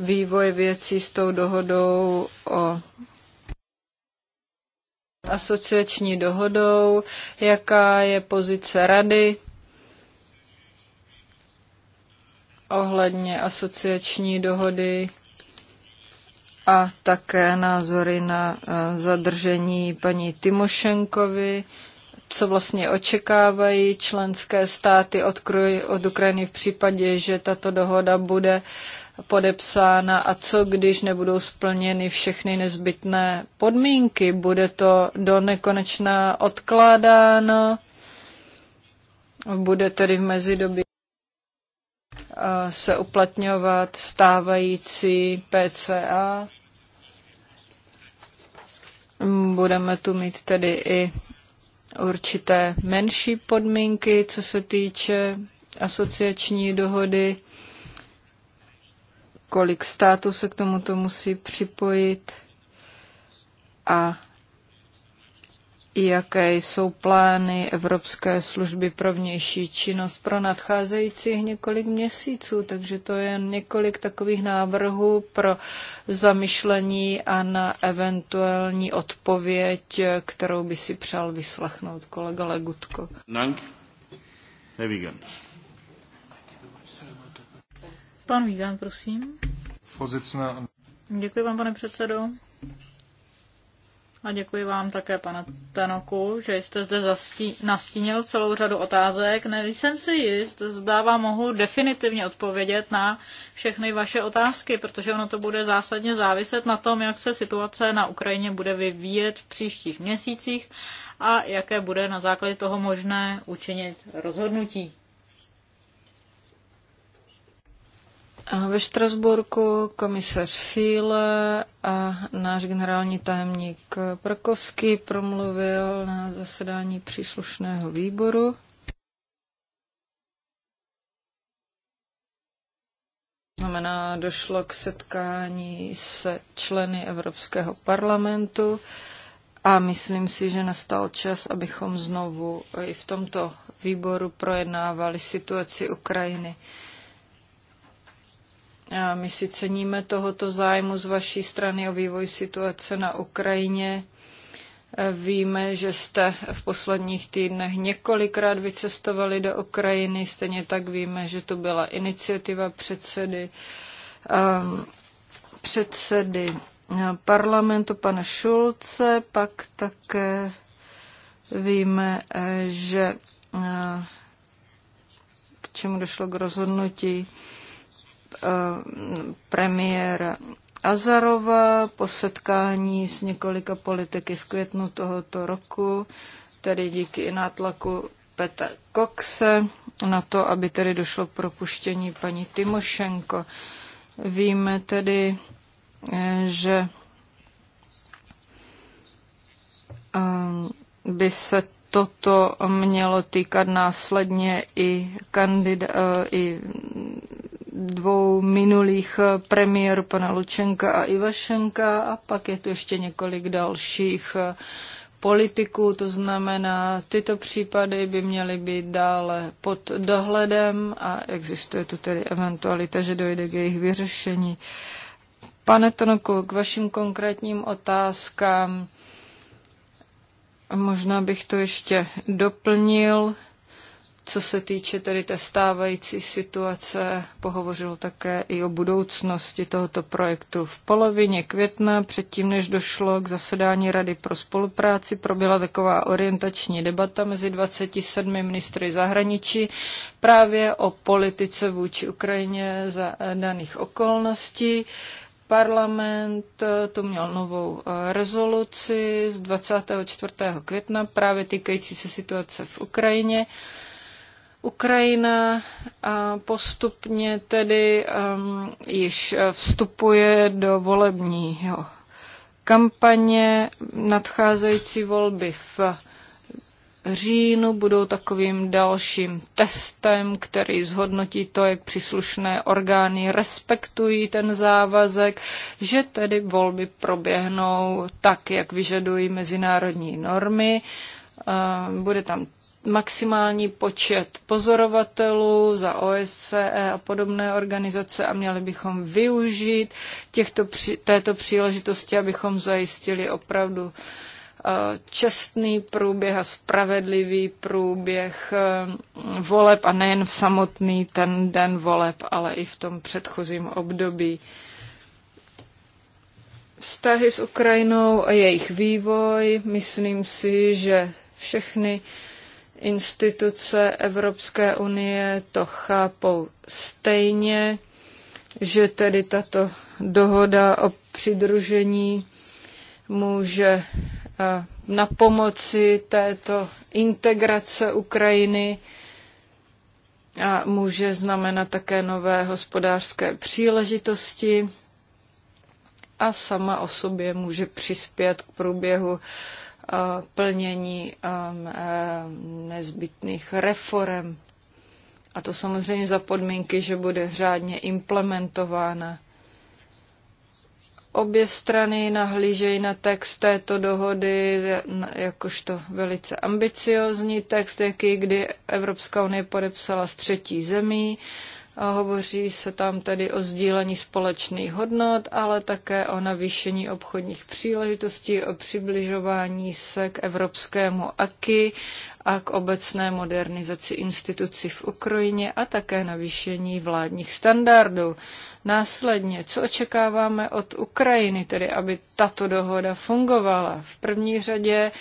vývoje věcí s tou dohodou o asociační dohodou, jaká je pozice rady ohledně asociační dohody a také názory na eh, zadržení paní Timošenkovi, co vlastně očekávají členské státy od, Ukrajiny v případě, že tato dohoda bude podepsána a co, když nebudou splněny všechny nezbytné podmínky. Bude to do nekonečna odkládáno, bude tedy v mezidobí se uplatňovat stávající PCA. Budeme tu mít tedy i určité menší podmínky, co se týče asociační dohody kolik států se k tomuto musí připojit a jaké jsou plány Evropské služby pro vnější činnost pro nadcházejících několik měsíců. Takže to je několik takových návrhů pro zamyšlení a na eventuální odpověď, kterou by si přál vyslechnout kolega Legutko. Dank. Nevigan. Pan Vígan, prosím. Fozicna. Děkuji vám, pane předsedo. A děkuji vám také, pane Tenoku, že jste zde zastí- nastínil celou řadu otázek. Nejsem si jist, zdává mohu definitivně odpovědět na všechny vaše otázky, protože ono to bude zásadně záviset na tom, jak se situace na Ukrajině bude vyvíjet v příštích měsících a jaké bude na základě toho možné učinit rozhodnutí. Ve Štrasburku komisař Fíle a náš generální tajemník Prkovský promluvil na zasedání příslušného výboru. Znamená, došlo k setkání se členy Evropského parlamentu a myslím si, že nastal čas, abychom znovu i v tomto výboru projednávali situaci Ukrajiny. My si ceníme tohoto zájmu z vaší strany o vývoj situace na Ukrajině. E, víme, že jste v posledních týdnech několikrát vycestovali do Ukrajiny, stejně tak víme, že to byla iniciativa předsedy, um, předsedy e, parlamentu pana Šulce, pak také víme, e, že k čemu došlo k rozhodnutí Eh, premiéra Azarova po setkání s několika politiky v květnu tohoto roku, tedy díky i nátlaku Petra Coxe na to, aby tedy došlo k propuštění paní Timošenko. Víme tedy, eh, že eh, by se toto mělo týkat následně i, kandida- i dvou minulých eh, premiérů, pana Lučenka a Ivašenka, a pak je tu ještě několik dalších eh, politiků, to znamená, tyto případy by měly být dále pod dohledem a existuje tu tedy eventualita, že dojde k jejich vyřešení. Pane Tonoku, k vašim konkrétním otázkám. Možná bych to ještě doplnil, co se týče tedy té stávající situace, pohovořil také i o budoucnosti tohoto projektu. V polovině května, předtím než došlo k zasedání Rady pro spolupráci, proběhla taková orientační debata mezi 27 ministry zahraničí právě o politice vůči Ukrajině za daných okolností. Parlament eh, to měl novou eh, rezoluci z 24. května právě týkající se situace v Ukrajině. Ukrajina postupně tedy um, již vstupuje do volebního kampaně. Nadcházející volby v říjnu budou takovým dalším testem, který zhodnotí to, jak příslušné orgány respektují ten závazek, že tedy volby proběhnou tak, jak vyžadují mezinárodní normy. Bude tam maximální počet pozorovatelů za OSCE a podobné organizace a měli bychom využít těchto, této příležitosti, abychom zajistili opravdu eh, čestný průběh a spravedlivý průběh eh, voleb a nejen v samotný ten den voleb, ale i v tom předchozím období. Vztahy s Ukrajinou a jejich vývoj, myslím si, že všechny uh, instituce Evropské unie to chápou stejně, že tedy tato dohoda o přidružení může eh, na pomoci této integrace Ukrajiny a může znamenat také nové hospodářské příležitosti a sama o sobě může přispět k průběhu plnění um, e, nezbytných reform. A to samozřejmě za podmínky, že bude řádně implementována. Obě strany nahlížejí na text této dohody jakožto velice ambiciozní text, jaký kdy Evropská unie podepsala s třetí zemí. Uh, Hovoří se tam tedy o sdílení společných hodnot, ale také o navýšení obchodních příležitostí, o přibližování se k evropskému AKI a k obecné modernizaci institucí v Ukrajině a také navýšení vládních standardů. Následně, co očekáváme od Ukrajiny, tedy aby tato dohoda fungovala? V první řadě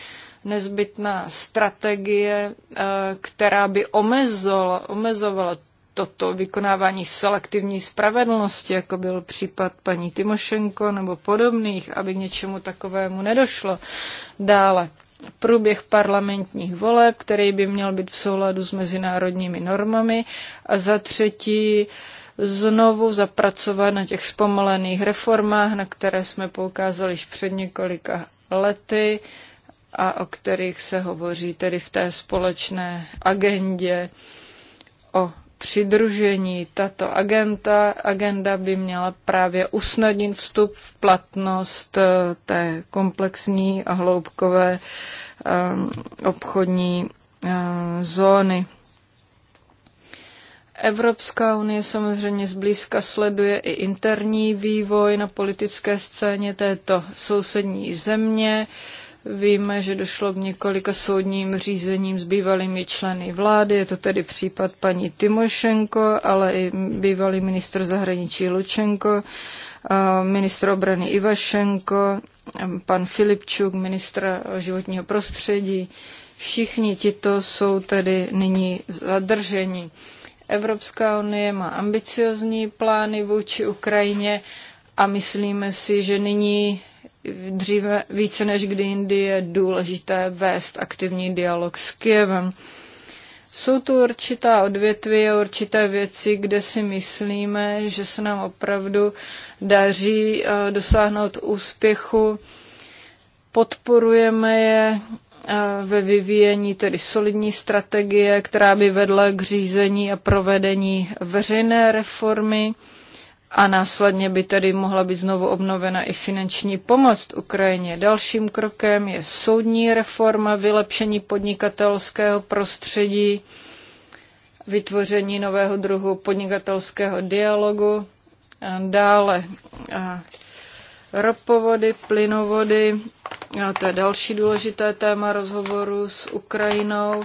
nezbytná strategie, eh, která by omezila, omezovala toto vykonávání selektivní spravedlnosti, jako byl případ paní Timošenko nebo podobných, aby k něčemu takovému nedošlo. Dále průběh parlamentních voleb, který by měl být v souladu s mezinárodními normami a za třetí znovu zapracovat na těch zpomalených reformách, na které jsme poukázali již před několika lety a o kterých se hovoří tedy v té společné agendě o přidružení. Tato agenda, agenda by měla právě usnadnit vstup v platnost eh, té komplexní a hloubkové eh, obchodní eh, zóny. Evropská unie samozřejmě zblízka sleduje i interní vývoj na politické scéně této sousední země. Uh, Víme, že došlo k několika soudním řízením s bývalými členy vlády, je to tedy případ paní Timošenko, ale i bývalý ministr zahraničí Lučenko, ministr obrany Ivašenko, pan Filipčuk, ministr životního prostředí. Všichni tito jsou tedy nyní zadrženi. Evropská unie má ambiciozní plány vůči Ukrajině a myslíme si, že nyní dříve více než kdy jindy je důležité vést aktivní dialog s Kyjevem. Jsou tu určitá odvětví a určité věci, kde si myslíme, že se nám opravdu daří eh, dosáhnout úspěchu. Podporujeme je eh, ve vyvíjení tedy solidní strategie, která by vedla k řízení a provedení veřejné reformy a následně by tedy mohla být znovu obnovena i finanční pomoc Ukrajině. Dalším krokem je soudní reforma, vylepšení podnikatelského prostředí, vytvoření nového druhu podnikatelského dialogu. A dále a ropovody, plynovody, a to je další důležité téma rozhovoru s Ukrajinou.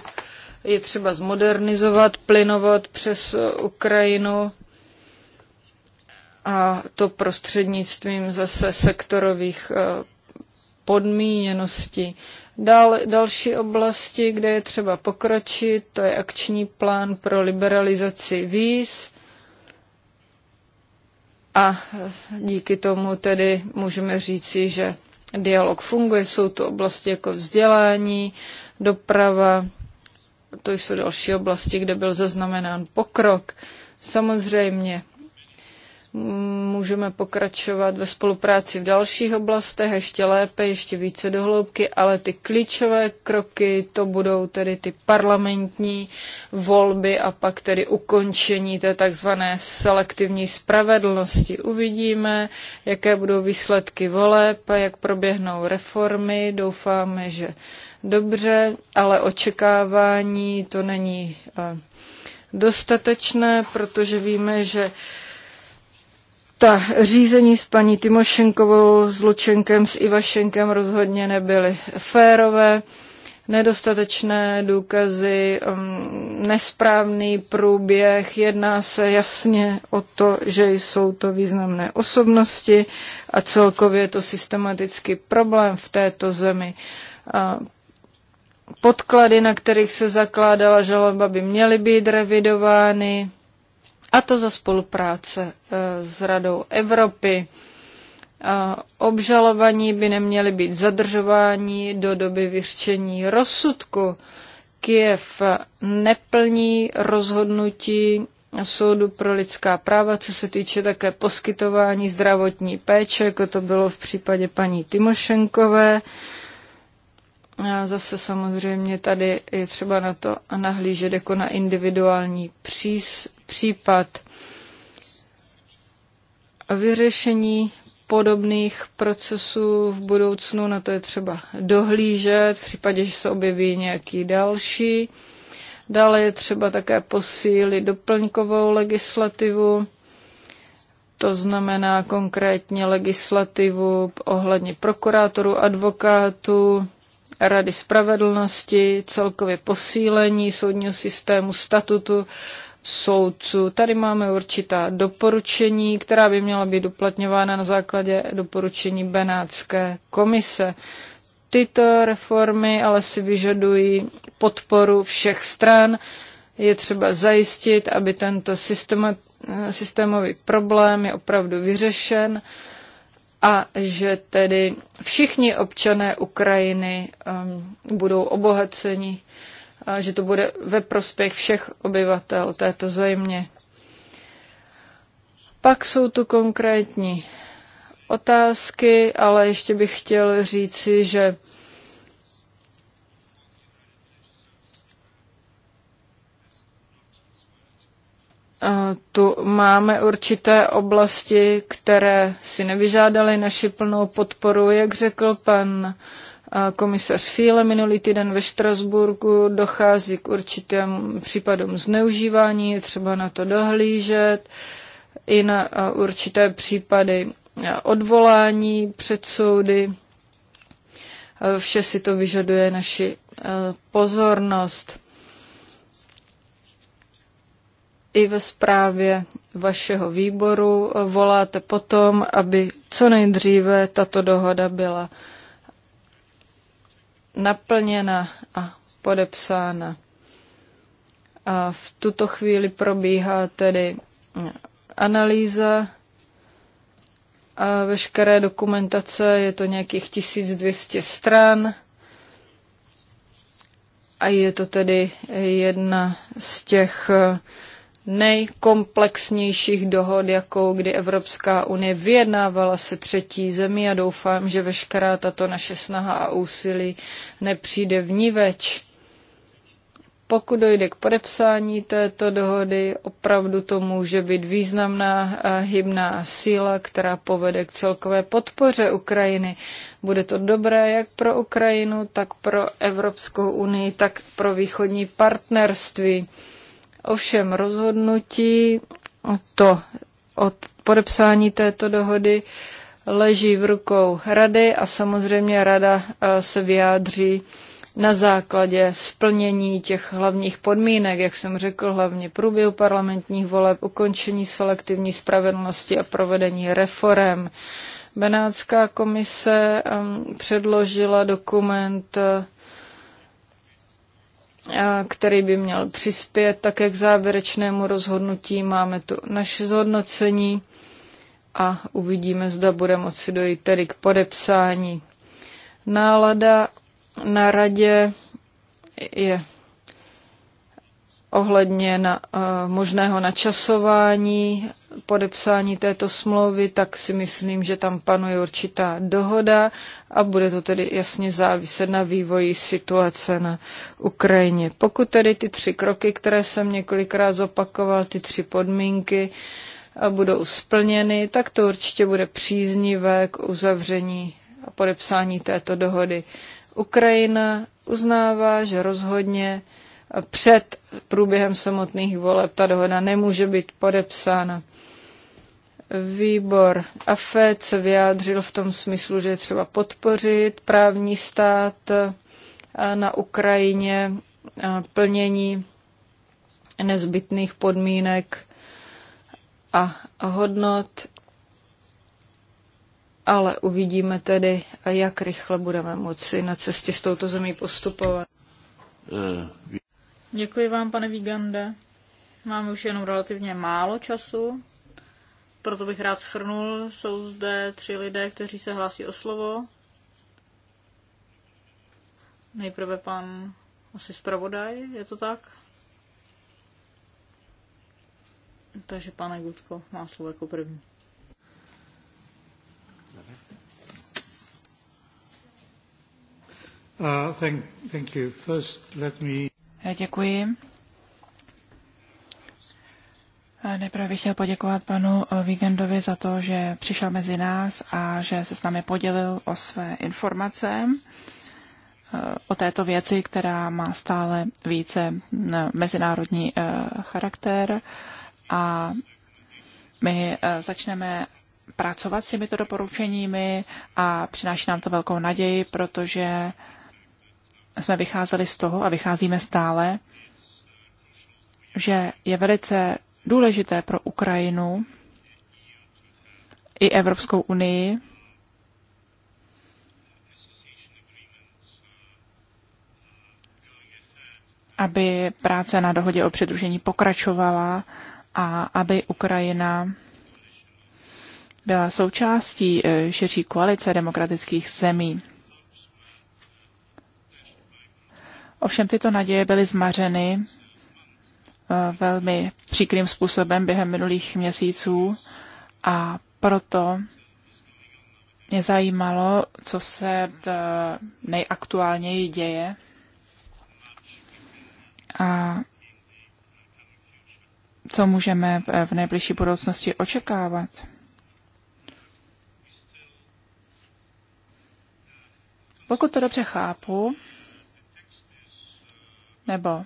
Je třeba zmodernizovat plynovod přes Ukrajinu a to prostřednictvím zase sektorových eh, podmíněností. Dal, další oblasti, kde je třeba pokročit, to je akční plán pro liberalizaci víz. A díky tomu tedy můžeme říci, že dialog funguje. Jsou to oblasti jako vzdělání, doprava, to jsou další oblasti, kde byl zaznamenán pokrok. Samozřejmě Můžeme pokračovat ve spolupráci v dalších oblastech ještě lépe, ještě více dohloubky, ale ty klíčové kroky to budou tedy ty parlamentní volby a pak tedy ukončení té takzvané selektivní spravedlnosti. Uvidíme, jaké budou výsledky voleb, jak proběhnou reformy. Doufáme, že dobře, ale očekávání to není eh, dostatečné, protože víme, že ta řízení s paní Timošenkovou, s Lučenkem, s Ivašenkem rozhodně nebyly férové, nedostatečné důkazy, um, nesprávný průběh. Jedná se jasně o to, že jsou to významné osobnosti a celkově je to systematický problém v této zemi podklady, na kterých se zakládala žaloba, by měly být revidovány. A to za spolupráce eh, s Radou Evropy. Obžalovaní by neměli být zadržováni do doby vyřčení rozsudku. Kiev neplní rozhodnutí soudu pro lidská práva, co se týče také poskytování zdravotní péče, jako to bylo v případě paní Timošenkové. A zase samozřejmě tady je třeba na to nahlížet jako na individuální případ. Vyřešení podobných procesů v budoucnu, na to je třeba dohlížet, v případě, že se objeví nějaký další. Dále je třeba také posílit doplňkovou legislativu, to znamená konkrétně legislativu ohledně prokurátorů, advokátů, Rady spravedlnosti, celkově posílení soudního systému, statutu soudců. Tady máme určitá doporučení, která by měla být uplatňována na základě doporučení Benátské komise. Tyto reformy ale si vyžadují podporu všech stran. Je třeba zajistit, aby tento systéma, systémový problém je opravdu vyřešen a že tedy všichni občané Ukrajiny um, budou obohaceni že to bude ve prospěch všech obyvatel této země. Pak jsou tu konkrétní otázky, ale ještě bych chtěl říci, že tu máme určité oblasti, které si nevyžádaly naši plnou podporu, jak řekl pan uh, komisař Fíle minulý týden ve Štrasburku dochází k určitým případům zneužívání, je třeba na to dohlížet, i na určité případy odvolání před soudy. Vše si to vyžaduje naši pozornost. I ve zprávě vašeho výboru voláte potom, aby co nejdříve tato dohoda byla naplněna a podepsána. A v tuto chvíli probíhá tedy analýza a veškeré dokumentace, je to nějakých 1200 stran a je to tedy jedna z těch eh, nejkomplexnějších dohod, jakou kdy Evropská unie vyjednávala se třetí zemí a doufám, že veškerá tato naše snaha a úsilí nepřijde v ní več. Pokud dojde k podepsání této dohody, opravdu to může být významná a hybná síla, která povede k celkové podpoře Ukrajiny. Bude to dobré jak pro Ukrajinu, tak pro Evropskou unii, tak pro východní partnerství. Ovšem rozhodnutí to od podepsání této dohody leží v rukou rady a samozřejmě rada eh, se vyjádří na základě splnění těch hlavních podmínek, jak jsem řekl, hlavně průběhu parlamentních voleb, ukončení selektivní spravedlnosti a provedení reform. Benátská komise předložila dokument eh, který by měl přispět také k závěrečnému rozhodnutí. Máme tu naše zhodnocení a uvidíme, zda bude moci dojít tedy k podepsání. Nálada na radě je ohledně na, uh, možného načasování podepsání této smlouvy, tak si myslím, že tam panuje určitá dohoda a bude to tedy jasně záviset na vývoji situace na Ukrajině. Pokud tedy ty tři kroky, které jsem několikrát zopakoval, ty tři podmínky budou splněny, tak to určitě bude příznivé k uzavření a podepsání této dohody. Ukrajina uznává, že rozhodně před průběhem samotných voleb ta dohoda nemůže být podepsána. Výbor AFED se vyjádřil v tom smyslu, že je třeba podpořit právní stát eh, na Ukrajině, eh, plnění nezbytných podmínek a hodnot, ale uvidíme tedy, jak rychle budeme moci na cestě s touto zemí postupovat. Eh, Děkuji vám, pane Vigande. Máme už jenom relativně málo času, proto bych rád schrnul, jsou zde tři lidé, kteří se hlásí o slovo. Nejprve pan asi zpravodaj, je to tak? Takže pane Gudko má slovo jako první. Uh, thank, thank you. First, let me... Děkuji. Nejprve bych chtěl poděkovat panu Vigendovi za to, že přišel mezi nás a že se s námi podělil o své informace e, o této věci, která má stále více mezinárodní e, charakter a my e, začneme pracovat s těmito doporučeními a přináší nám to velkou naději, protože jsme vycházeli z toho a vycházíme stále, že je velice důležité pro Ukrajinu i Evropskou unii, aby práce na dohodě o přidružení pokračovala a aby Ukrajina byla součástí eh, širší koalice demokratických zemí. Ovšem tyto naděje byly zmařeny velmi příkrým způsobem během minulých měsíců a proto mě zajímalo, co se nejaktuálněji děje. A co můžeme v nejbližší budoucnosti očekávat. Pokud to dobře chápu, nebo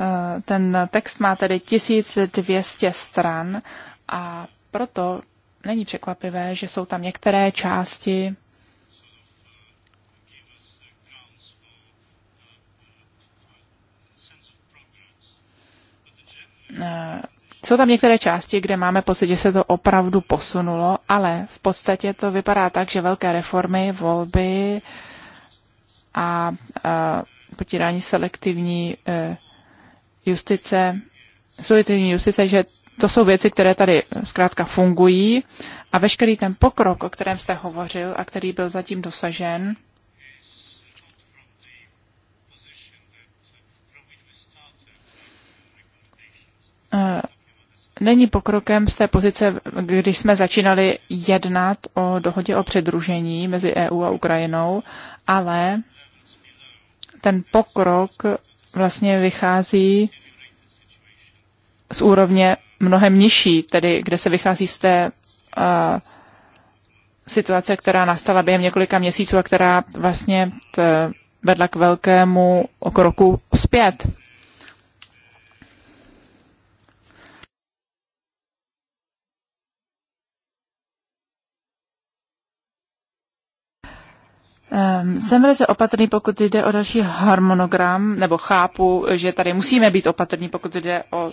Eh, ten text má tedy 1200 stran a proto není překvapivé, že jsou tam některé části, eh, Jsou tam některé části, kde máme pocit, že se to opravdu posunulo, ale v podstatě to vypadá tak, že velké reformy, volby a, a eh, potírání selektivní e, justice, solidarní justice, že to jsou věci, které tady eh, zkrátka fungují a veškerý ten pokrok, o kterém jste hovořil a který byl zatím dosažen, eh, není pokrokem z té pozice, když jsme začínali jednat o dohodě o předružení mezi EU a Ukrajinou, ale ten pokrok vlastně vychází z úrovně mnohem nižší, tedy kde se vychází z té uh, situace, která nastala během několika měsíců a která vlastně t, vedla k velkému kroku zpět. Um, jsem velice opatrný, pokud jde o další harmonogram, nebo chápu, že tady musíme být opatrní, pokud jde o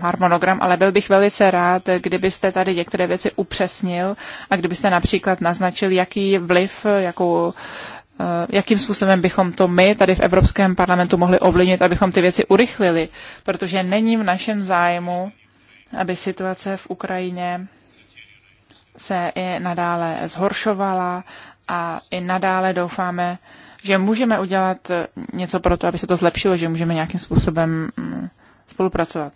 harmonogram, ale byl bych velice rád, kdybyste tady některé věci upřesnil a kdybyste například naznačil, jaký vliv, jakou eh, jakým způsobem bychom to my tady v Evropském parlamentu mohli ovlivnit, abychom ty věci urychlili, protože není v našem zájmu, aby situace v Ukrajině se i nadále zhoršovala a i nadále doufáme, že můžeme udělat něco pro to, aby se to zlepšilo, že můžeme nějakým způsobem mm, spolupracovat.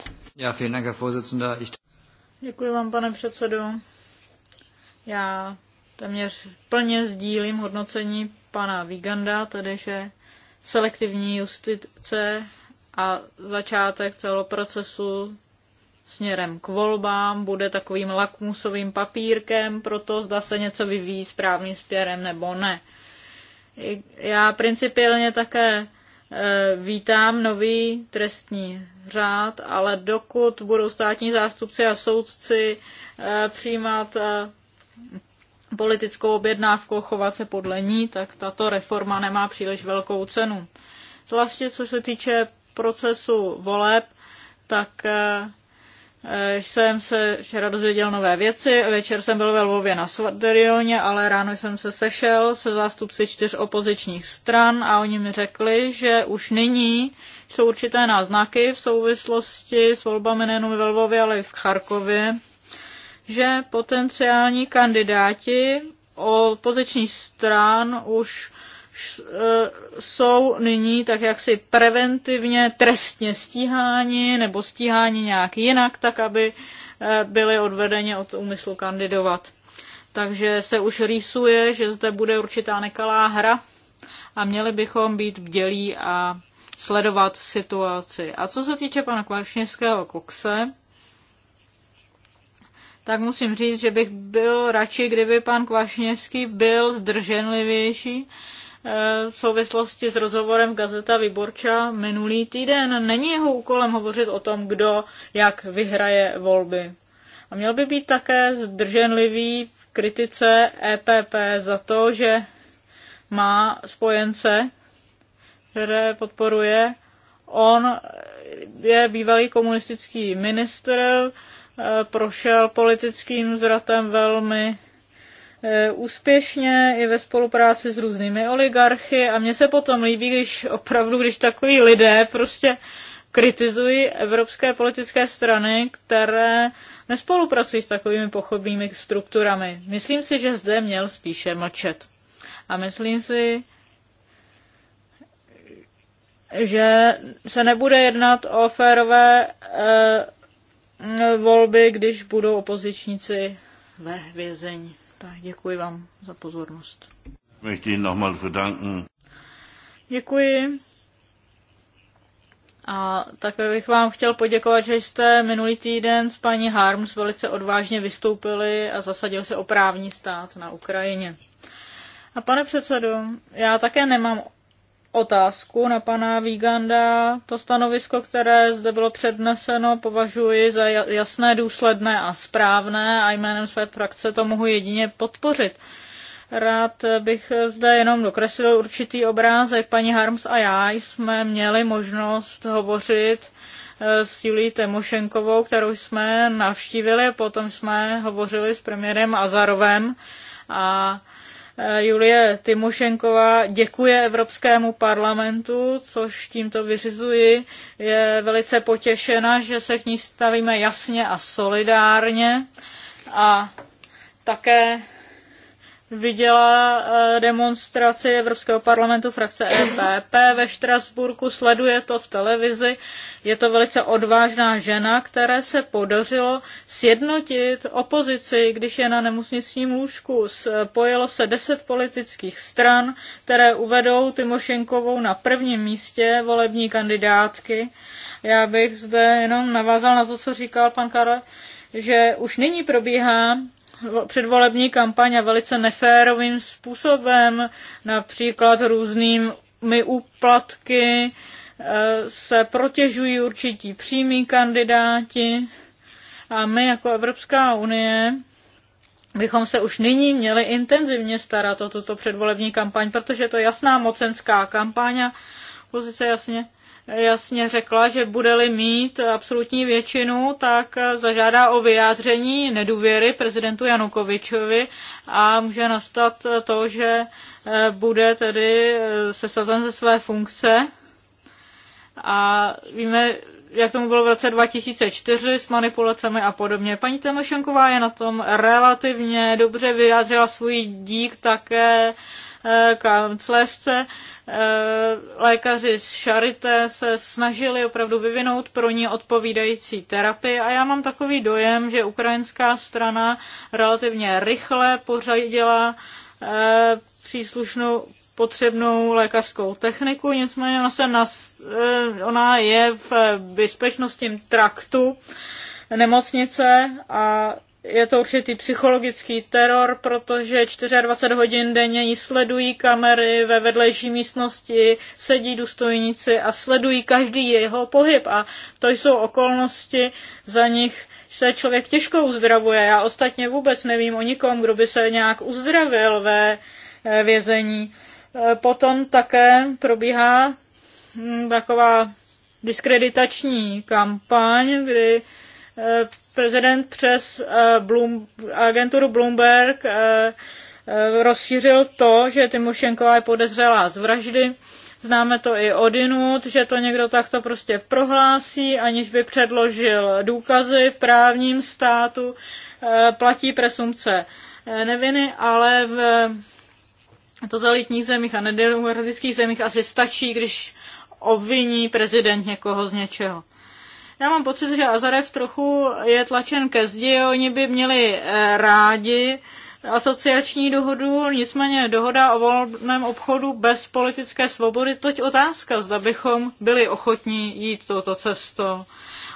Děkuji vám, pane předsedo. Já téměř plně sdílím hodnocení pana Viganda, tedy že selektivní justice a začátek celého procesu směrem k volbám bude takovým lakmusovým papírkem pro to, zda se něco vyvíjí správným směrem nebo ne. Já principiálně také Eh, vítám nový trestní řád, ale dokud budou státní zástupci a soudci eh, přijímat eh, politickou objednávku, chovat se podle ní, tak tato reforma nemá příliš velkou cenu. Zvláště co se týče procesu voleb, tak Eh, jsem se včera dozvěděl nové věci, večer jsem byl ve Lvově na Svadrioně, ale ráno jsem se sešel se zástupci čtyř opozičních stran a oni mi řekli, že už nyní jsou určité náznaky v souvislosti s volbami nejen ve Lvově, ale i v Charkově, že potenciální kandidáti opozičních stran už Eh, jsou nyní tak jaksi preventivně trestně stíháni nebo stíháni nějak jinak, tak aby eh, byli odvedeni od úmyslu kandidovat. Takže se už rýsuje, že zde bude určitá nekalá hra a měli bychom být bdělí a sledovat situaci. A co se týče pana Kvaršnického kokse, tak musím říct, že bych byl radši, kdyby pan Kvašněvský byl zdrženlivější, Eh, v souvislosti s rozhovorem Gazeta Vyborča minulý týden. Není jeho úkolem hovořit o tom, kdo jak vyhraje volby. A měl by být také zdrženlivý v kritice EPP za to, že má spojence, které podporuje. On je bývalý komunistický ministr, eh, prošel politickým zratem velmi E, úspěšně i ve spolupráci s různými oligarchy a mně se potom líbí, když opravdu, když takový lidé prostě kritizují evropské politické strany, které nespolupracují s takovými pochodnými strukturami. Myslím si, že zde měl spíše mlčet. A myslím si, že se nebude jednat o férové eh, volby, když budou opozičníci ve vězení. Tak děkuji vám za pozornost. Möchte Ihnen nochmal verdanken. Děkuji. A také bych vám chtěl poděkovat, že jste minulý týden s paní Harms velice odvážně vystoupili a zasadil se o právní stát na Ukrajině. A pane předsedo, já také nemám otázku na pana Víganda. To stanovisko, které zde bylo předneseno, považuji za jasné, důsledné a správné a jménem své frakce to mohu jedině podpořit. Rád bych zde jenom dokreslil určitý obrázek. Paní Harms a já jsme měli možnost hovořit eh, s Julí Temošenkovou, kterou jsme navštívili, potom jsme hovořili s premiérem Azarovem a Eh, Julie Timošenková děkuje Evropskému parlamentu, což tímto vyřizuji. Je velice potěšena, že se k ní stavíme jasně a solidárně a také viděla eh, demonstraci Evropského parlamentu frakce EPP ve Štrasburku, sleduje to v televizi. Je to velice odvážná žena, které se podařilo sjednotit opozici, když je na nemocničním lůžku. Spojilo se deset politických stran, které uvedou Tymošenkovou na prvním místě volební kandidátky. Já bych zde jenom navázal na to, co říkal pan Karel, že už nyní probíhá předvolební kampaně velice neférovým způsobem, například různými úplatky, e, se protěžují určití přímí kandidáti a my jako Evropská unie bychom se už nyní měli intenzivně starat o tuto předvolební kampaň, protože to je jasná mocenská kampaň a pozice jasně jasně řekla, že bude-li mít absolutní většinu, tak zažádá o vyjádření nedůvěry prezidentu Janukovičovi a může nastat to, že eh, bude tedy eh, sesazen ze své funkce. A víme, jak tomu bylo v roce 2004 s manipulacemi a podobně. Paní Temošenková je na tom relativně dobře vyjádřila svůj dík také Eh, kancléřce. Eh, lékaři z Charité se snažili opravdu vyvinout pro ní odpovídající terapii a já mám takový dojem, že ukrajinská strana relativně rychle pořadila eh, příslušnou potřebnou lékařskou techniku, nicméně ona, se nas, ona je v bezpečnostním traktu nemocnice a je to určitý psychologický teror, protože 24 hodin denně ji sledují kamery ve vedlejší místnosti, sedí důstojníci a sledují každý jeho pohyb. A to jsou okolnosti, za nich se člověk těžko uzdravuje. Já ostatně vůbec nevím o nikom, kdo by se nějak uzdravil ve eh, vězení. Eh, potom také probíhá hm, taková diskreditační kampaň, kdy eh, prezident přes eh, Bloom, agenturu Bloomberg eh, eh, rozšířil to, že Timošenková je podezřelá z vraždy. Známe to i odinut, že to někdo takto prostě prohlásí, aniž by předložil důkazy v právním státu. Platí presumce neviny, ale v totalitních zemích a nedemokratických zemích asi stačí, když obviní prezident někoho z něčeho. Já mám pocit, že Azarev trochu je tlačen ke zdi, oni by měli eh, rádi asociační dohodu, nicméně dohoda o volném obchodu bez politické svobody, toť otázka, zda bychom byli ochotní jít touto cestou.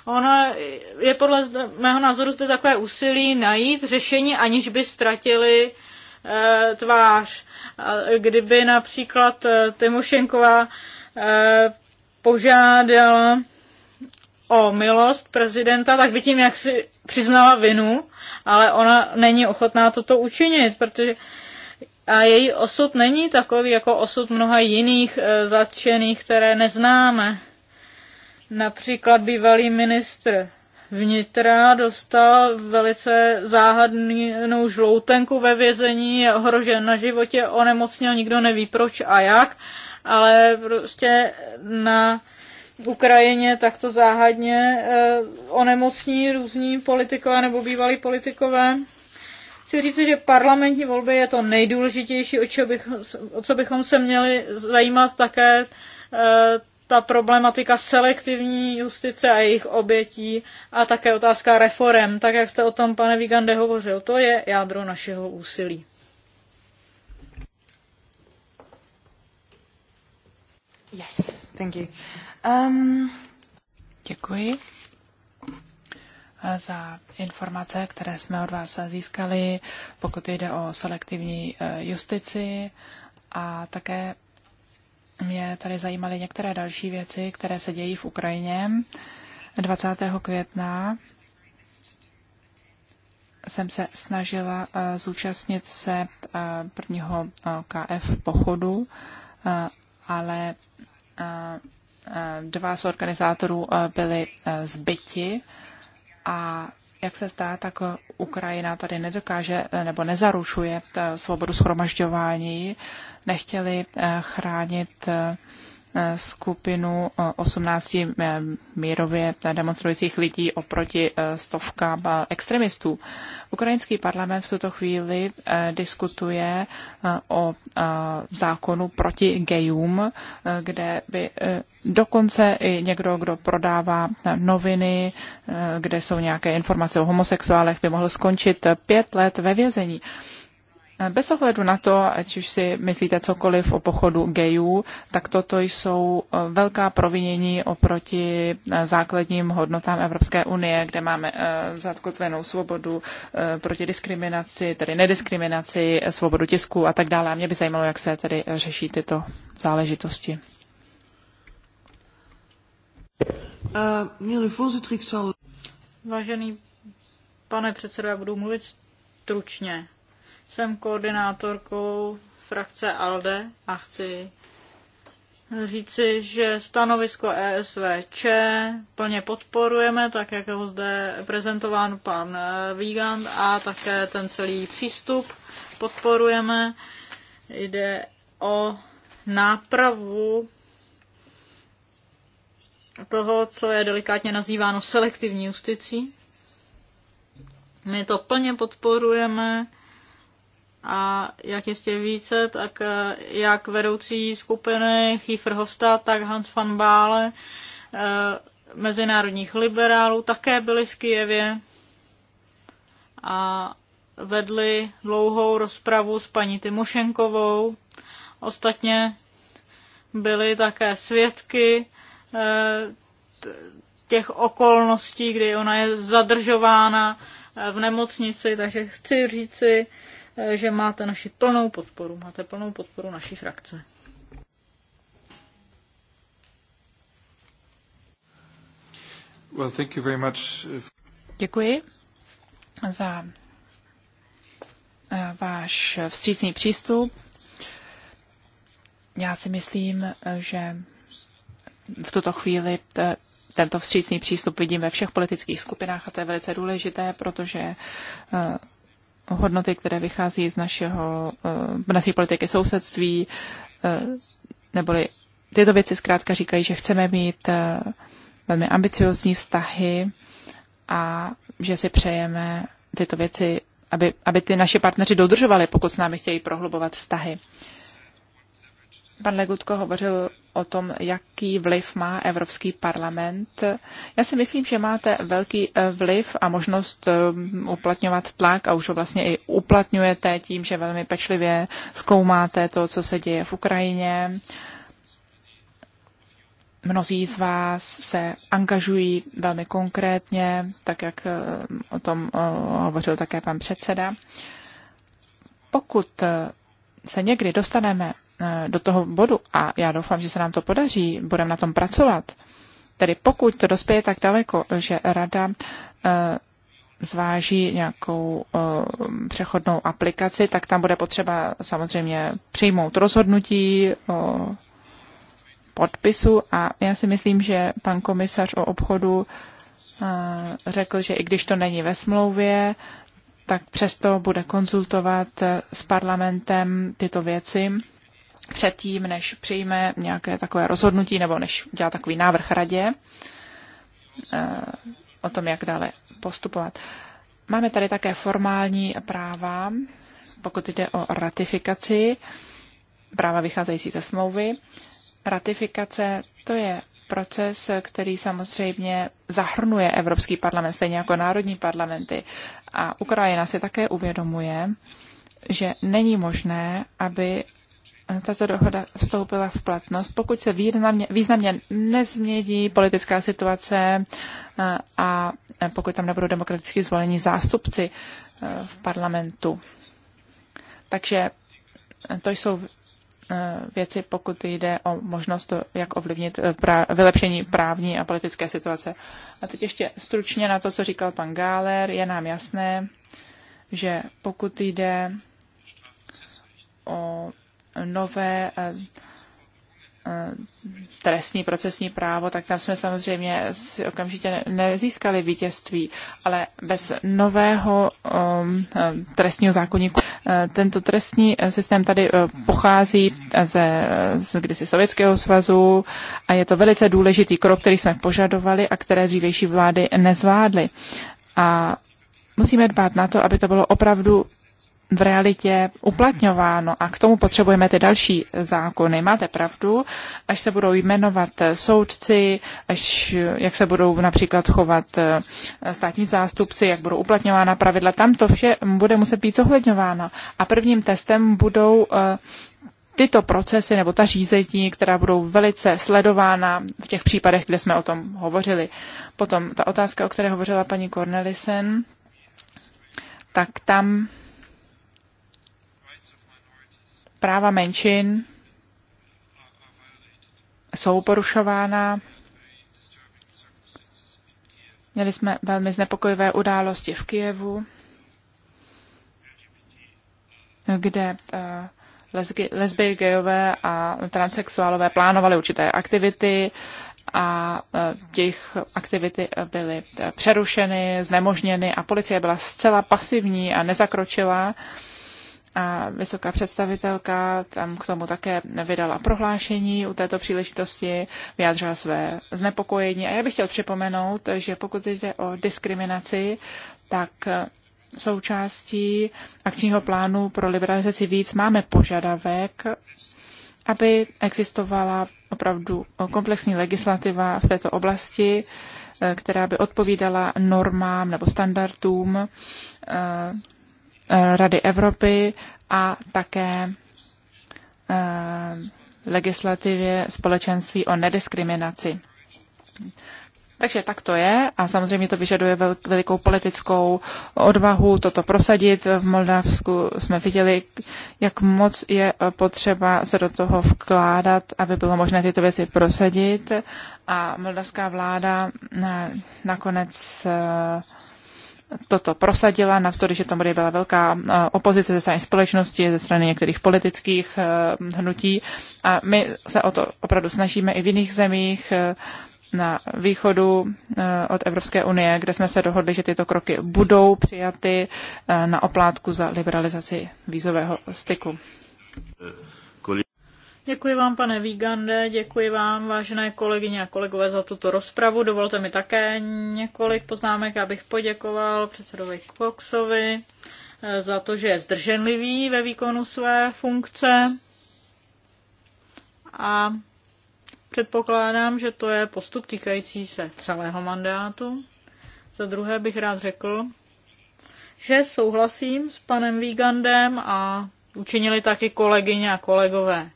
Ono je podle mého názoru zde takové úsilí najít řešení, aniž by ztratili e, tvář. Kdyby například eh, Timošenková e, požádala o milost prezidenta, tak by tím jak si přiznala vinu, ale ona není ochotná toto učinit, protože a její osud není takový jako osud mnoha jiných e, zatčených, které neznáme. Například bývalý ministr vnitra dostal velice záhadnou žloutenku ve vězení, je ohrožen na životě, onemocněl, nikdo neví proč a jak, ale prostě na v Ukrajině takto záhadně eh, onemocní různí politikové nebo bývalí politikové. Chci říct, že parlamentní volby je to nejdůležitější, o, bych, o co bychom se měli zajímat také eh, ta problematika selektivní justice a jejich obětí a také otázka reform, tak jak jste o tom, pane Vigande, hovořil. To je jádro našeho úsilí. Yes, thank you. Um... Děkuji eh, za informace, které jsme od vás získali, pokud jde o selektivní eh, justici a také mě tady zajímaly některé další věci, které se dějí v Ukrajině. 20. května jsem se snažila eh, zúčastnit se prvního KF pochodu, ale Eh, dva z organizátorů eh, byli eh, zbyti a jak se zdá, tak Ukrajina tady nedokáže nebo nezarušuje svobodu schromažďování, nechtěli chránit skupinu 18 eh, eh, mírově demonstrujících lidí oproti eh, stovkám extremistů. Ukrajinský parlament v tuto chvíli diskutuje o zákonu proti gejům, kde by dokonce i někdo, kdo prodává noviny, kde jsou nějaké informace o homosexuálech, by mohl skončit pět let ve vězení. Bez ohledu na to, ať už si myslíte cokoliv o pochodu gejů, tak toto jsou e, velká provinění oproti e, základním hodnotám Evropské unie, kde máme e, zatkotvenou svobodu proti diskriminaci, tedy nediskriminaci, svobodu tisku a tak dále. A mě by zajímalo, jak se tedy řeší tyto záležitosti. Uh, Vážený pane předsedo, já budu mluvit stručně jsem koordinátorkou frakce ALDE a chci říci, že stanovisko ESVČ plně podporujeme, tak jak ho zde prezentován pan eh, Vígand a také ten celý přístup podporujeme. Jde o nápravu toho, co je delikátně nazýváno selektivní justicí. My to plně podporujeme a jak jistě více, tak eh, jak vedoucí skupiny Chiefer Hofstadt, tak Hans van Bále, eh, mezinárodních liberálů, také byli v Kijevě a vedli dlouhou rozpravu s paní Timošenkovou. Ostatně byli také svědky eh, těch okolností, kdy ona je zadržována v nemocnici, takže chci říci, že máte naši plnou podporu, máte plnou podporu naší frakce. Well, thank you very much. Uh, Děkuji za uh, váš vstřícný přístup. Já si myslím, že v tuto chvíli tento vstřícný přístup vidím ve všech politických skupinách a to je velice důležité, protože uh, hodnoty, které vychází z našeho, eh, naší politiky sousedství, eh, neboli tyto věci zkrátka říkají, že chceme mít eh, velmi ambiciozní vztahy a že si přejeme tyto věci, aby, aby ty naše partneři dodržovali, pokud s námi chtějí prohlubovat vztahy. Pan Legutko hovořil o tom, jaký vliv má Evropský parlament. Já si myslím, že máte velký eh, vliv a možnost eh, uplatňovat tlak a už ho vlastně i uplatňujete tím, že velmi pečlivě zkoumáte to, co se děje v Ukrajině. Mnozí z vás se angažují velmi konkrétně, tak jak eh, o tom hovořil také pan předseda. Pokud se někdy dostaneme E, do toho bodu a já doufám, že se nám to podaří, budeme na tom pracovat. Tedy pokud to dospěje tak daleko, že rada e, zváží nějakou e, přechodnou aplikaci, tak tam bude potřeba samozřejmě přijmout rozhodnutí podpisu a já si myslím, že pan komisař o obchodu řekl, že i když to není ve smlouvě, tak přesto bude konzultovat s parlamentem tyto věci předtím, než přijme nějaké takové rozhodnutí nebo než dělá takový návrh radě eh, o tom, jak dále postupovat. Máme tady také formální práva, pokud jde o ratifikaci, práva vycházející ze smlouvy. Ratifikace to je proces, který samozřejmě zahrnuje Evropský parlament, stejně jako národní parlamenty. A Ukrajina si také uvědomuje, že není možné, aby tato dohoda vstoupila v platnost, pokud se významně, významně nezmění politická situace eh, a eh, pokud tam nebudou demokraticky zvolení zástupci eh, v parlamentu. Takže to jsou věci, pokud jde o možnost, jak ovlivnit prá- vylepšení právní a politické situace. A teď ještě stručně na to, co říkal pan Gáler, je nám jasné, že pokud jde o nové eh, eh, trestní procesní právo, tak tam jsme samozřejmě si okamžitě nezískali vítězství, ale bez nového um, trestního zákonníku. Tento trestní systém tady pochází ze, z kdysi Sovětského svazu a je to velice důležitý krok, který jsme požadovali a které dřívější vlády nezvládly. A musíme dbát na to, aby to bylo opravdu v realitě uplatňováno a k tomu potřebujeme ty další zákony. Máte pravdu, až se budou jmenovat soudci, až jak se budou například chovat eh, státní zástupci, jak budou uplatňována pravidla, tam to vše bude muset být zohledňováno. A prvním testem budou eh, tyto procesy nebo ta řízení, která budou velice sledována v těch případech, kde jsme o tom hovořili. Potom ta otázka, o které hovořila paní Cornelisen, tak tam práva menšin jsou porušována. Měli jsme velmi znepokojivé události v Kijevu, kde eh, lesby, gejové a transexuálové plánovali určité aktivity a eh, těch aktivity byly eh, přerušeny, znemožněny a policie byla zcela pasivní a nezakročila. A vysoká představitelka tam k tomu také vydala prohlášení u této příležitosti, vyjádřila své znepokojení. A já bych chtěl připomenout, že pokud jde o diskriminaci, tak součástí akčního plánu pro liberalizaci víc máme požadavek, aby existovala opravdu komplexní legislativa v této oblasti, eh, která by odpovídala normám nebo standardům eh, Eh, Rady Evropy a také eh, legislativě společenství o nediskriminaci. Takže tak to je a samozřejmě to vyžaduje velikou politickou odvahu toto prosadit. V Moldavsku jsme viděli, jak moc je potřeba se do toho vkládat, aby bylo možné tyto věci prosadit a moldavská vláda eh, nakonec toto prosadila, navzdory, že tam bude byla velká eh, opozice ze strany společnosti, ze strany některých politických eh, hnutí. A my se o to opravdu snažíme i v jiných zemích eh, na východu od Evropské unie, kde jsme se dohodli, že tyto kroky budou přijaty na oplátku za liberalizaci vízového styku. Děkuji vám, pane Vígande, děkuji vám, vážené kolegyně a kolegové, za tuto rozpravu. Dovolte mi také několik poznámek, abych poděkoval předsedovi Coxovi eh, za to, že je zdrženlivý ve výkonu své funkce. A předpokládám, že to je postup týkající se celého mandátu. Za druhé bych rád řekl, že souhlasím s panem Vígandem a učinili taky kolegyně a kolegové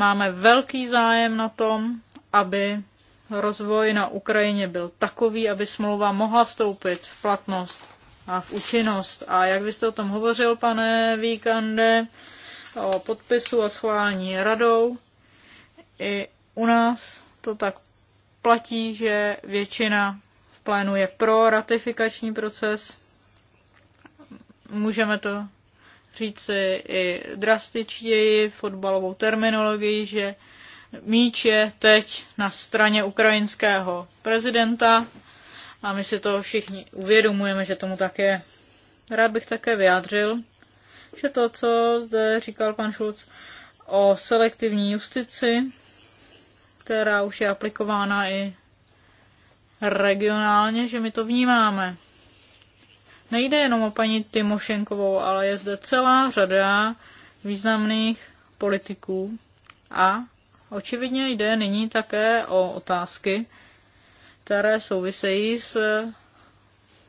Máme velký zájem na tom, aby rozvoj na Ukrajině byl takový, aby smlouva mohla vstoupit v platnost a v účinnost. A jak byste o tom hovořil, pane Víkande, o podpisu a schválení radou, i u nás to tak platí, že většina v plénu je pro ratifikační proces. Můžeme to říci i drastičtěji fotbalovou terminologii, že míč je teď na straně ukrajinského prezidenta a my si to všichni uvědomujeme, že tomu tak je. Rád bych také vyjádřil, že to, co zde říkal pan Šulc o selektivní justici, která už je aplikována i regionálně, že my to vnímáme. Nejde jenom o paní Timošenkovou, ale je zde celá řada významných politiků a očividně jde nyní také o otázky, které souvisejí s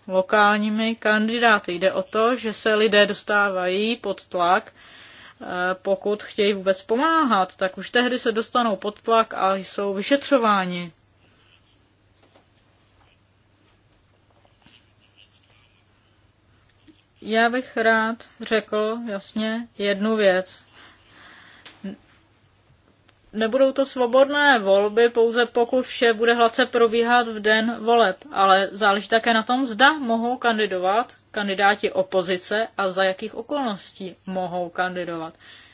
lokálními kandidáty. Jde o to, že se lidé dostávají pod tlak, eh, pokud chtějí vůbec pomáhat, tak už tehdy se dostanou pod tlak a jsou vyšetřováni. Já bych rád řekl jasně jednu věc. Nebudou to svobodné volby, pouze pokud vše bude hladce probíhat v den voleb, ale záleží také na tom, zda mohou kandidovat kandidáti opozice a za jakých okolností mohou kandidovat.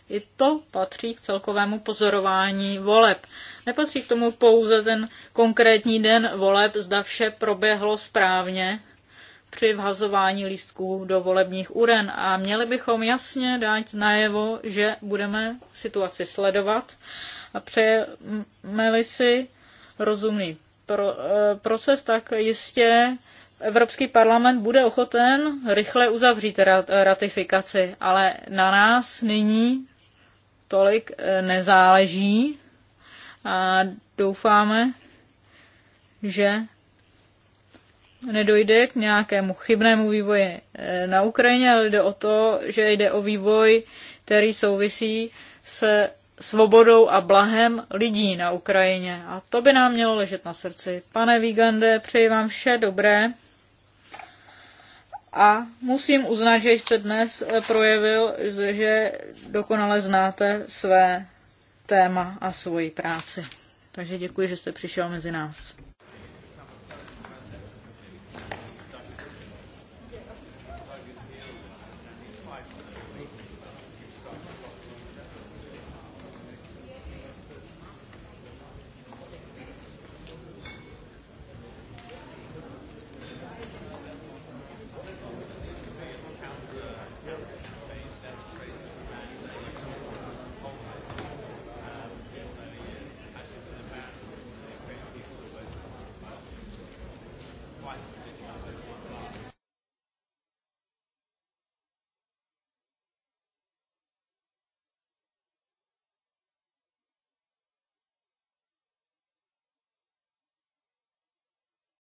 I to patří k celkovému pozorování voleb. Nepatří k tomu pouze ten konkrétní den voleb, zda vše proběhlo správně, při vhazování lístků do volebních uren a měli bychom jasně dát najevo, že budeme situaci sledovat a přejeme-li si rozumný pro, eh, proces, tak jistě Evropský parlament bude ochoten rychle uzavřít ratifikaci, ale na nás nyní tolik eh, nezáleží a doufáme, že nedojde k nějakému chybnému vývoji eh, na Ukrajině, ale jde o to, že jde o vývoj, který souvisí se svobodou a blahem lidí na Ukrajině. A to by nám mělo ležet na srdci. Pane Vígande, přeji vám vše dobré. A musím uznat, že jste dnes eh, projevil, že dokonale znáte své téma a svoji práci. Takže děkuji, že jste přišel mezi nás.